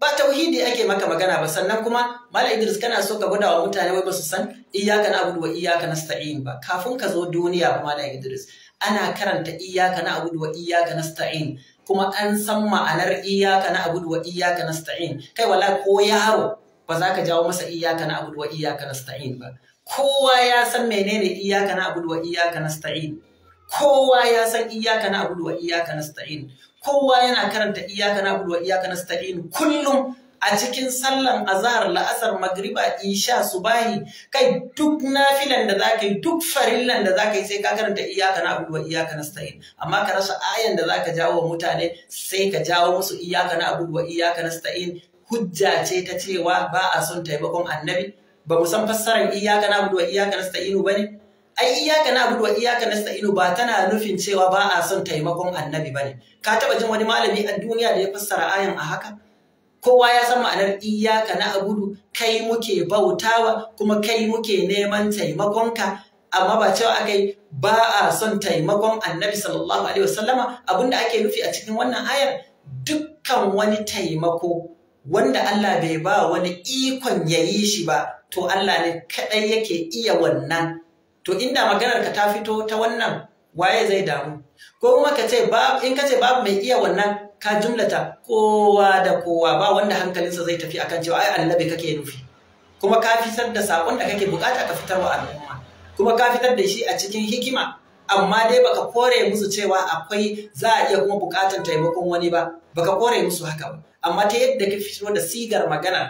ba tauhidi ake maka magana ba sannan kuma Malam Idris kana so ka gwada wa mutane wai ba su san iyyaka na'budu wa iyyaka nasta'in ba kafin ka zo duniya ba Malam Idris ana karanta iyaka na abudu wa iyyaka nasta'in kuma an san ma'anar iyaka na abudu wa iyyaka nasta'in kai wala ko yaro ba za ka jawo masa iyaka na abudu wa iyyaka nasta'in ba kowa ya san menene iyaka na abudu wa iyyaka nasta'in kowa ya san iyaka na abudu wa iyyaka nasta'in kowa yana karanta iyaka na abudu wa iyyaka nasta'in kullum a cikin sallan azahar la'asar magriba isha subahi kai duk nafilan da zaka yi duk farillan da zaka yi sai ka karanta iyaka na na'budu wa na nasta'in amma ka rasa ayan da zaka jawo wa mutane sai ka jawo musu iyaka na na'budu wa iyaka nasta'in hujja ce ta cewa ba a son taimakon annabi ba mu san fassarar iyaka iyyaka iyaka wa iyyaka ba ne? ai iyaka na abudu wa iyaka nasta'inu ba tana nufin cewa ba a son taimakon annabi ba ne. ka taba jin wani malami a duniya da ya fassara ayan a haka kowa ya san ma'anar iyaka na abudu kai muke bautawa kuma kai muke neman taimakonka amma ba cewa akai ba a son taimakon annabi sallallahu alaihi wasallama abinda ake nufi a cikin wannan ayar dukkan wani taimako wanda Allah bai ba wani ikon ya yi shi ba to Allah ne kadai yake iya wannan to inda maganar ka ta fito ta wannan waye zai damu ko kuma ka ce in ka ce babu mai iya wannan ka jumlata kowa da kowa ba wanda hankalinsa zai tafi akan cewa ai annabi kake nufi kuma ka fitar da sakon da kake bukata ka fitar wa al'umma kuma ka fitar da shi a cikin hikima amma dai baka kore musu cewa akwai za a iya kuma bukatar taimakon wani ba baka kore musu haka ba amma ta yadda ka fito da sigar magana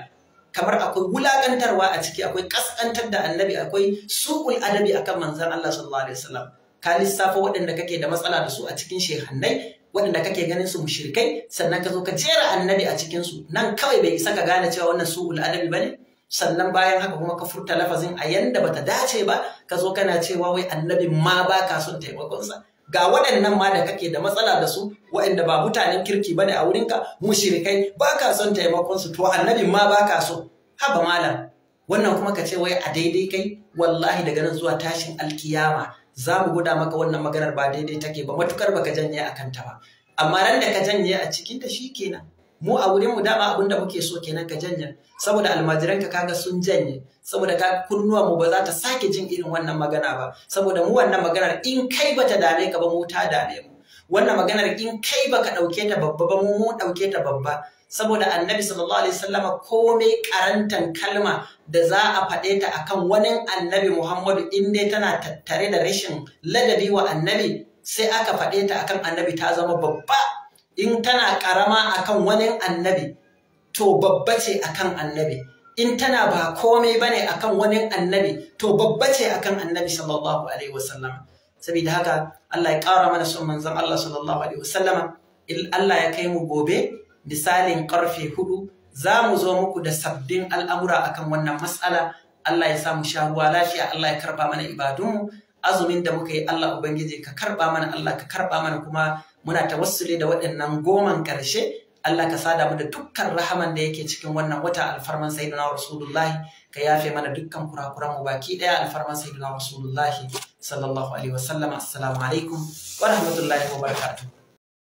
kamar akwai wulakantarwa a ciki akwai kaskantar da annabi akwai suƙul adabi akan manzon Allah sallallahu alaihi wasallam ka lissafa waɗanda kake da matsala da su a cikin shehannai waɗanda kake ganin su mushrikai sannan ka zo ka jera annabi a cikin su nan kawai bai isa ka gane cewa wannan su'ul adabi bane sannan bayan haka kuma ka furta lafazin a yanda bata dace ba ka zo kana cewa wai annabi ma ba ka son taimakon sa ga waɗannan ma da kake da matsala da su waɗanda ba mutanen kirki bane a wurinka mushrikai ba ka son taimakon su to annabi ma ba ka so haba malam wannan kuma ka ce wai a daidai kai wallahi daga nan zuwa tashin alkiyama za mu guda maka wannan maganar ba daidai take ba matukar baka janye a kanta ba amma ran da ka janye a cikin ta shi kenan mu a wurin mu dama abin da muke so kenan ka janye saboda almajiran ka kaga sun janye saboda ka kunnuwa mu ba za ta sake jin irin wannan magana ba saboda mu wannan maganar in kai bata dame ka ba mu ta dame mu wannan maganar in kai baka dauke ta babba ba mu mu dauke ta babba saboda annabi sallallahu alaihi sallama komai karantan kalma da za a faɗe ta akan wani annabi Muhammadu in dai tana tattare da rashin ladabi wa annabi sai aka faɗe ta akan annabi ta zama babba in tana karama akan wani annabi to babba ce akan annabi in tana ba komai bane akan wani annabi to babba ce akan annabi sallallahu alaihi wasallama saboda haka Allah ya ƙara mana sun manzon Allah sallallahu alaihi wasallama Allah ya kai mu gobe misalin karfe hudu za mu zo muku da sabbin al'amura akan wannan matsala Allah ya samu ruwa lafiya Allah ya karba mana ibadunmu azumin da muka yi Allah Ubangiji ka karba mana Allah ka karba mana kuma muna tawassule da waɗannan goman ƙarshe Allah ka sada mu da dukkan rahaman da yake cikin wannan wata alfarman sayyidina Rasulullah ka yafe mana dukkan kurakuran mu baki daya alfarman sayyidina Rasulullah sallallahu alaihi wasallam assalamu alaikum wa rahmatullahi wa barakatuh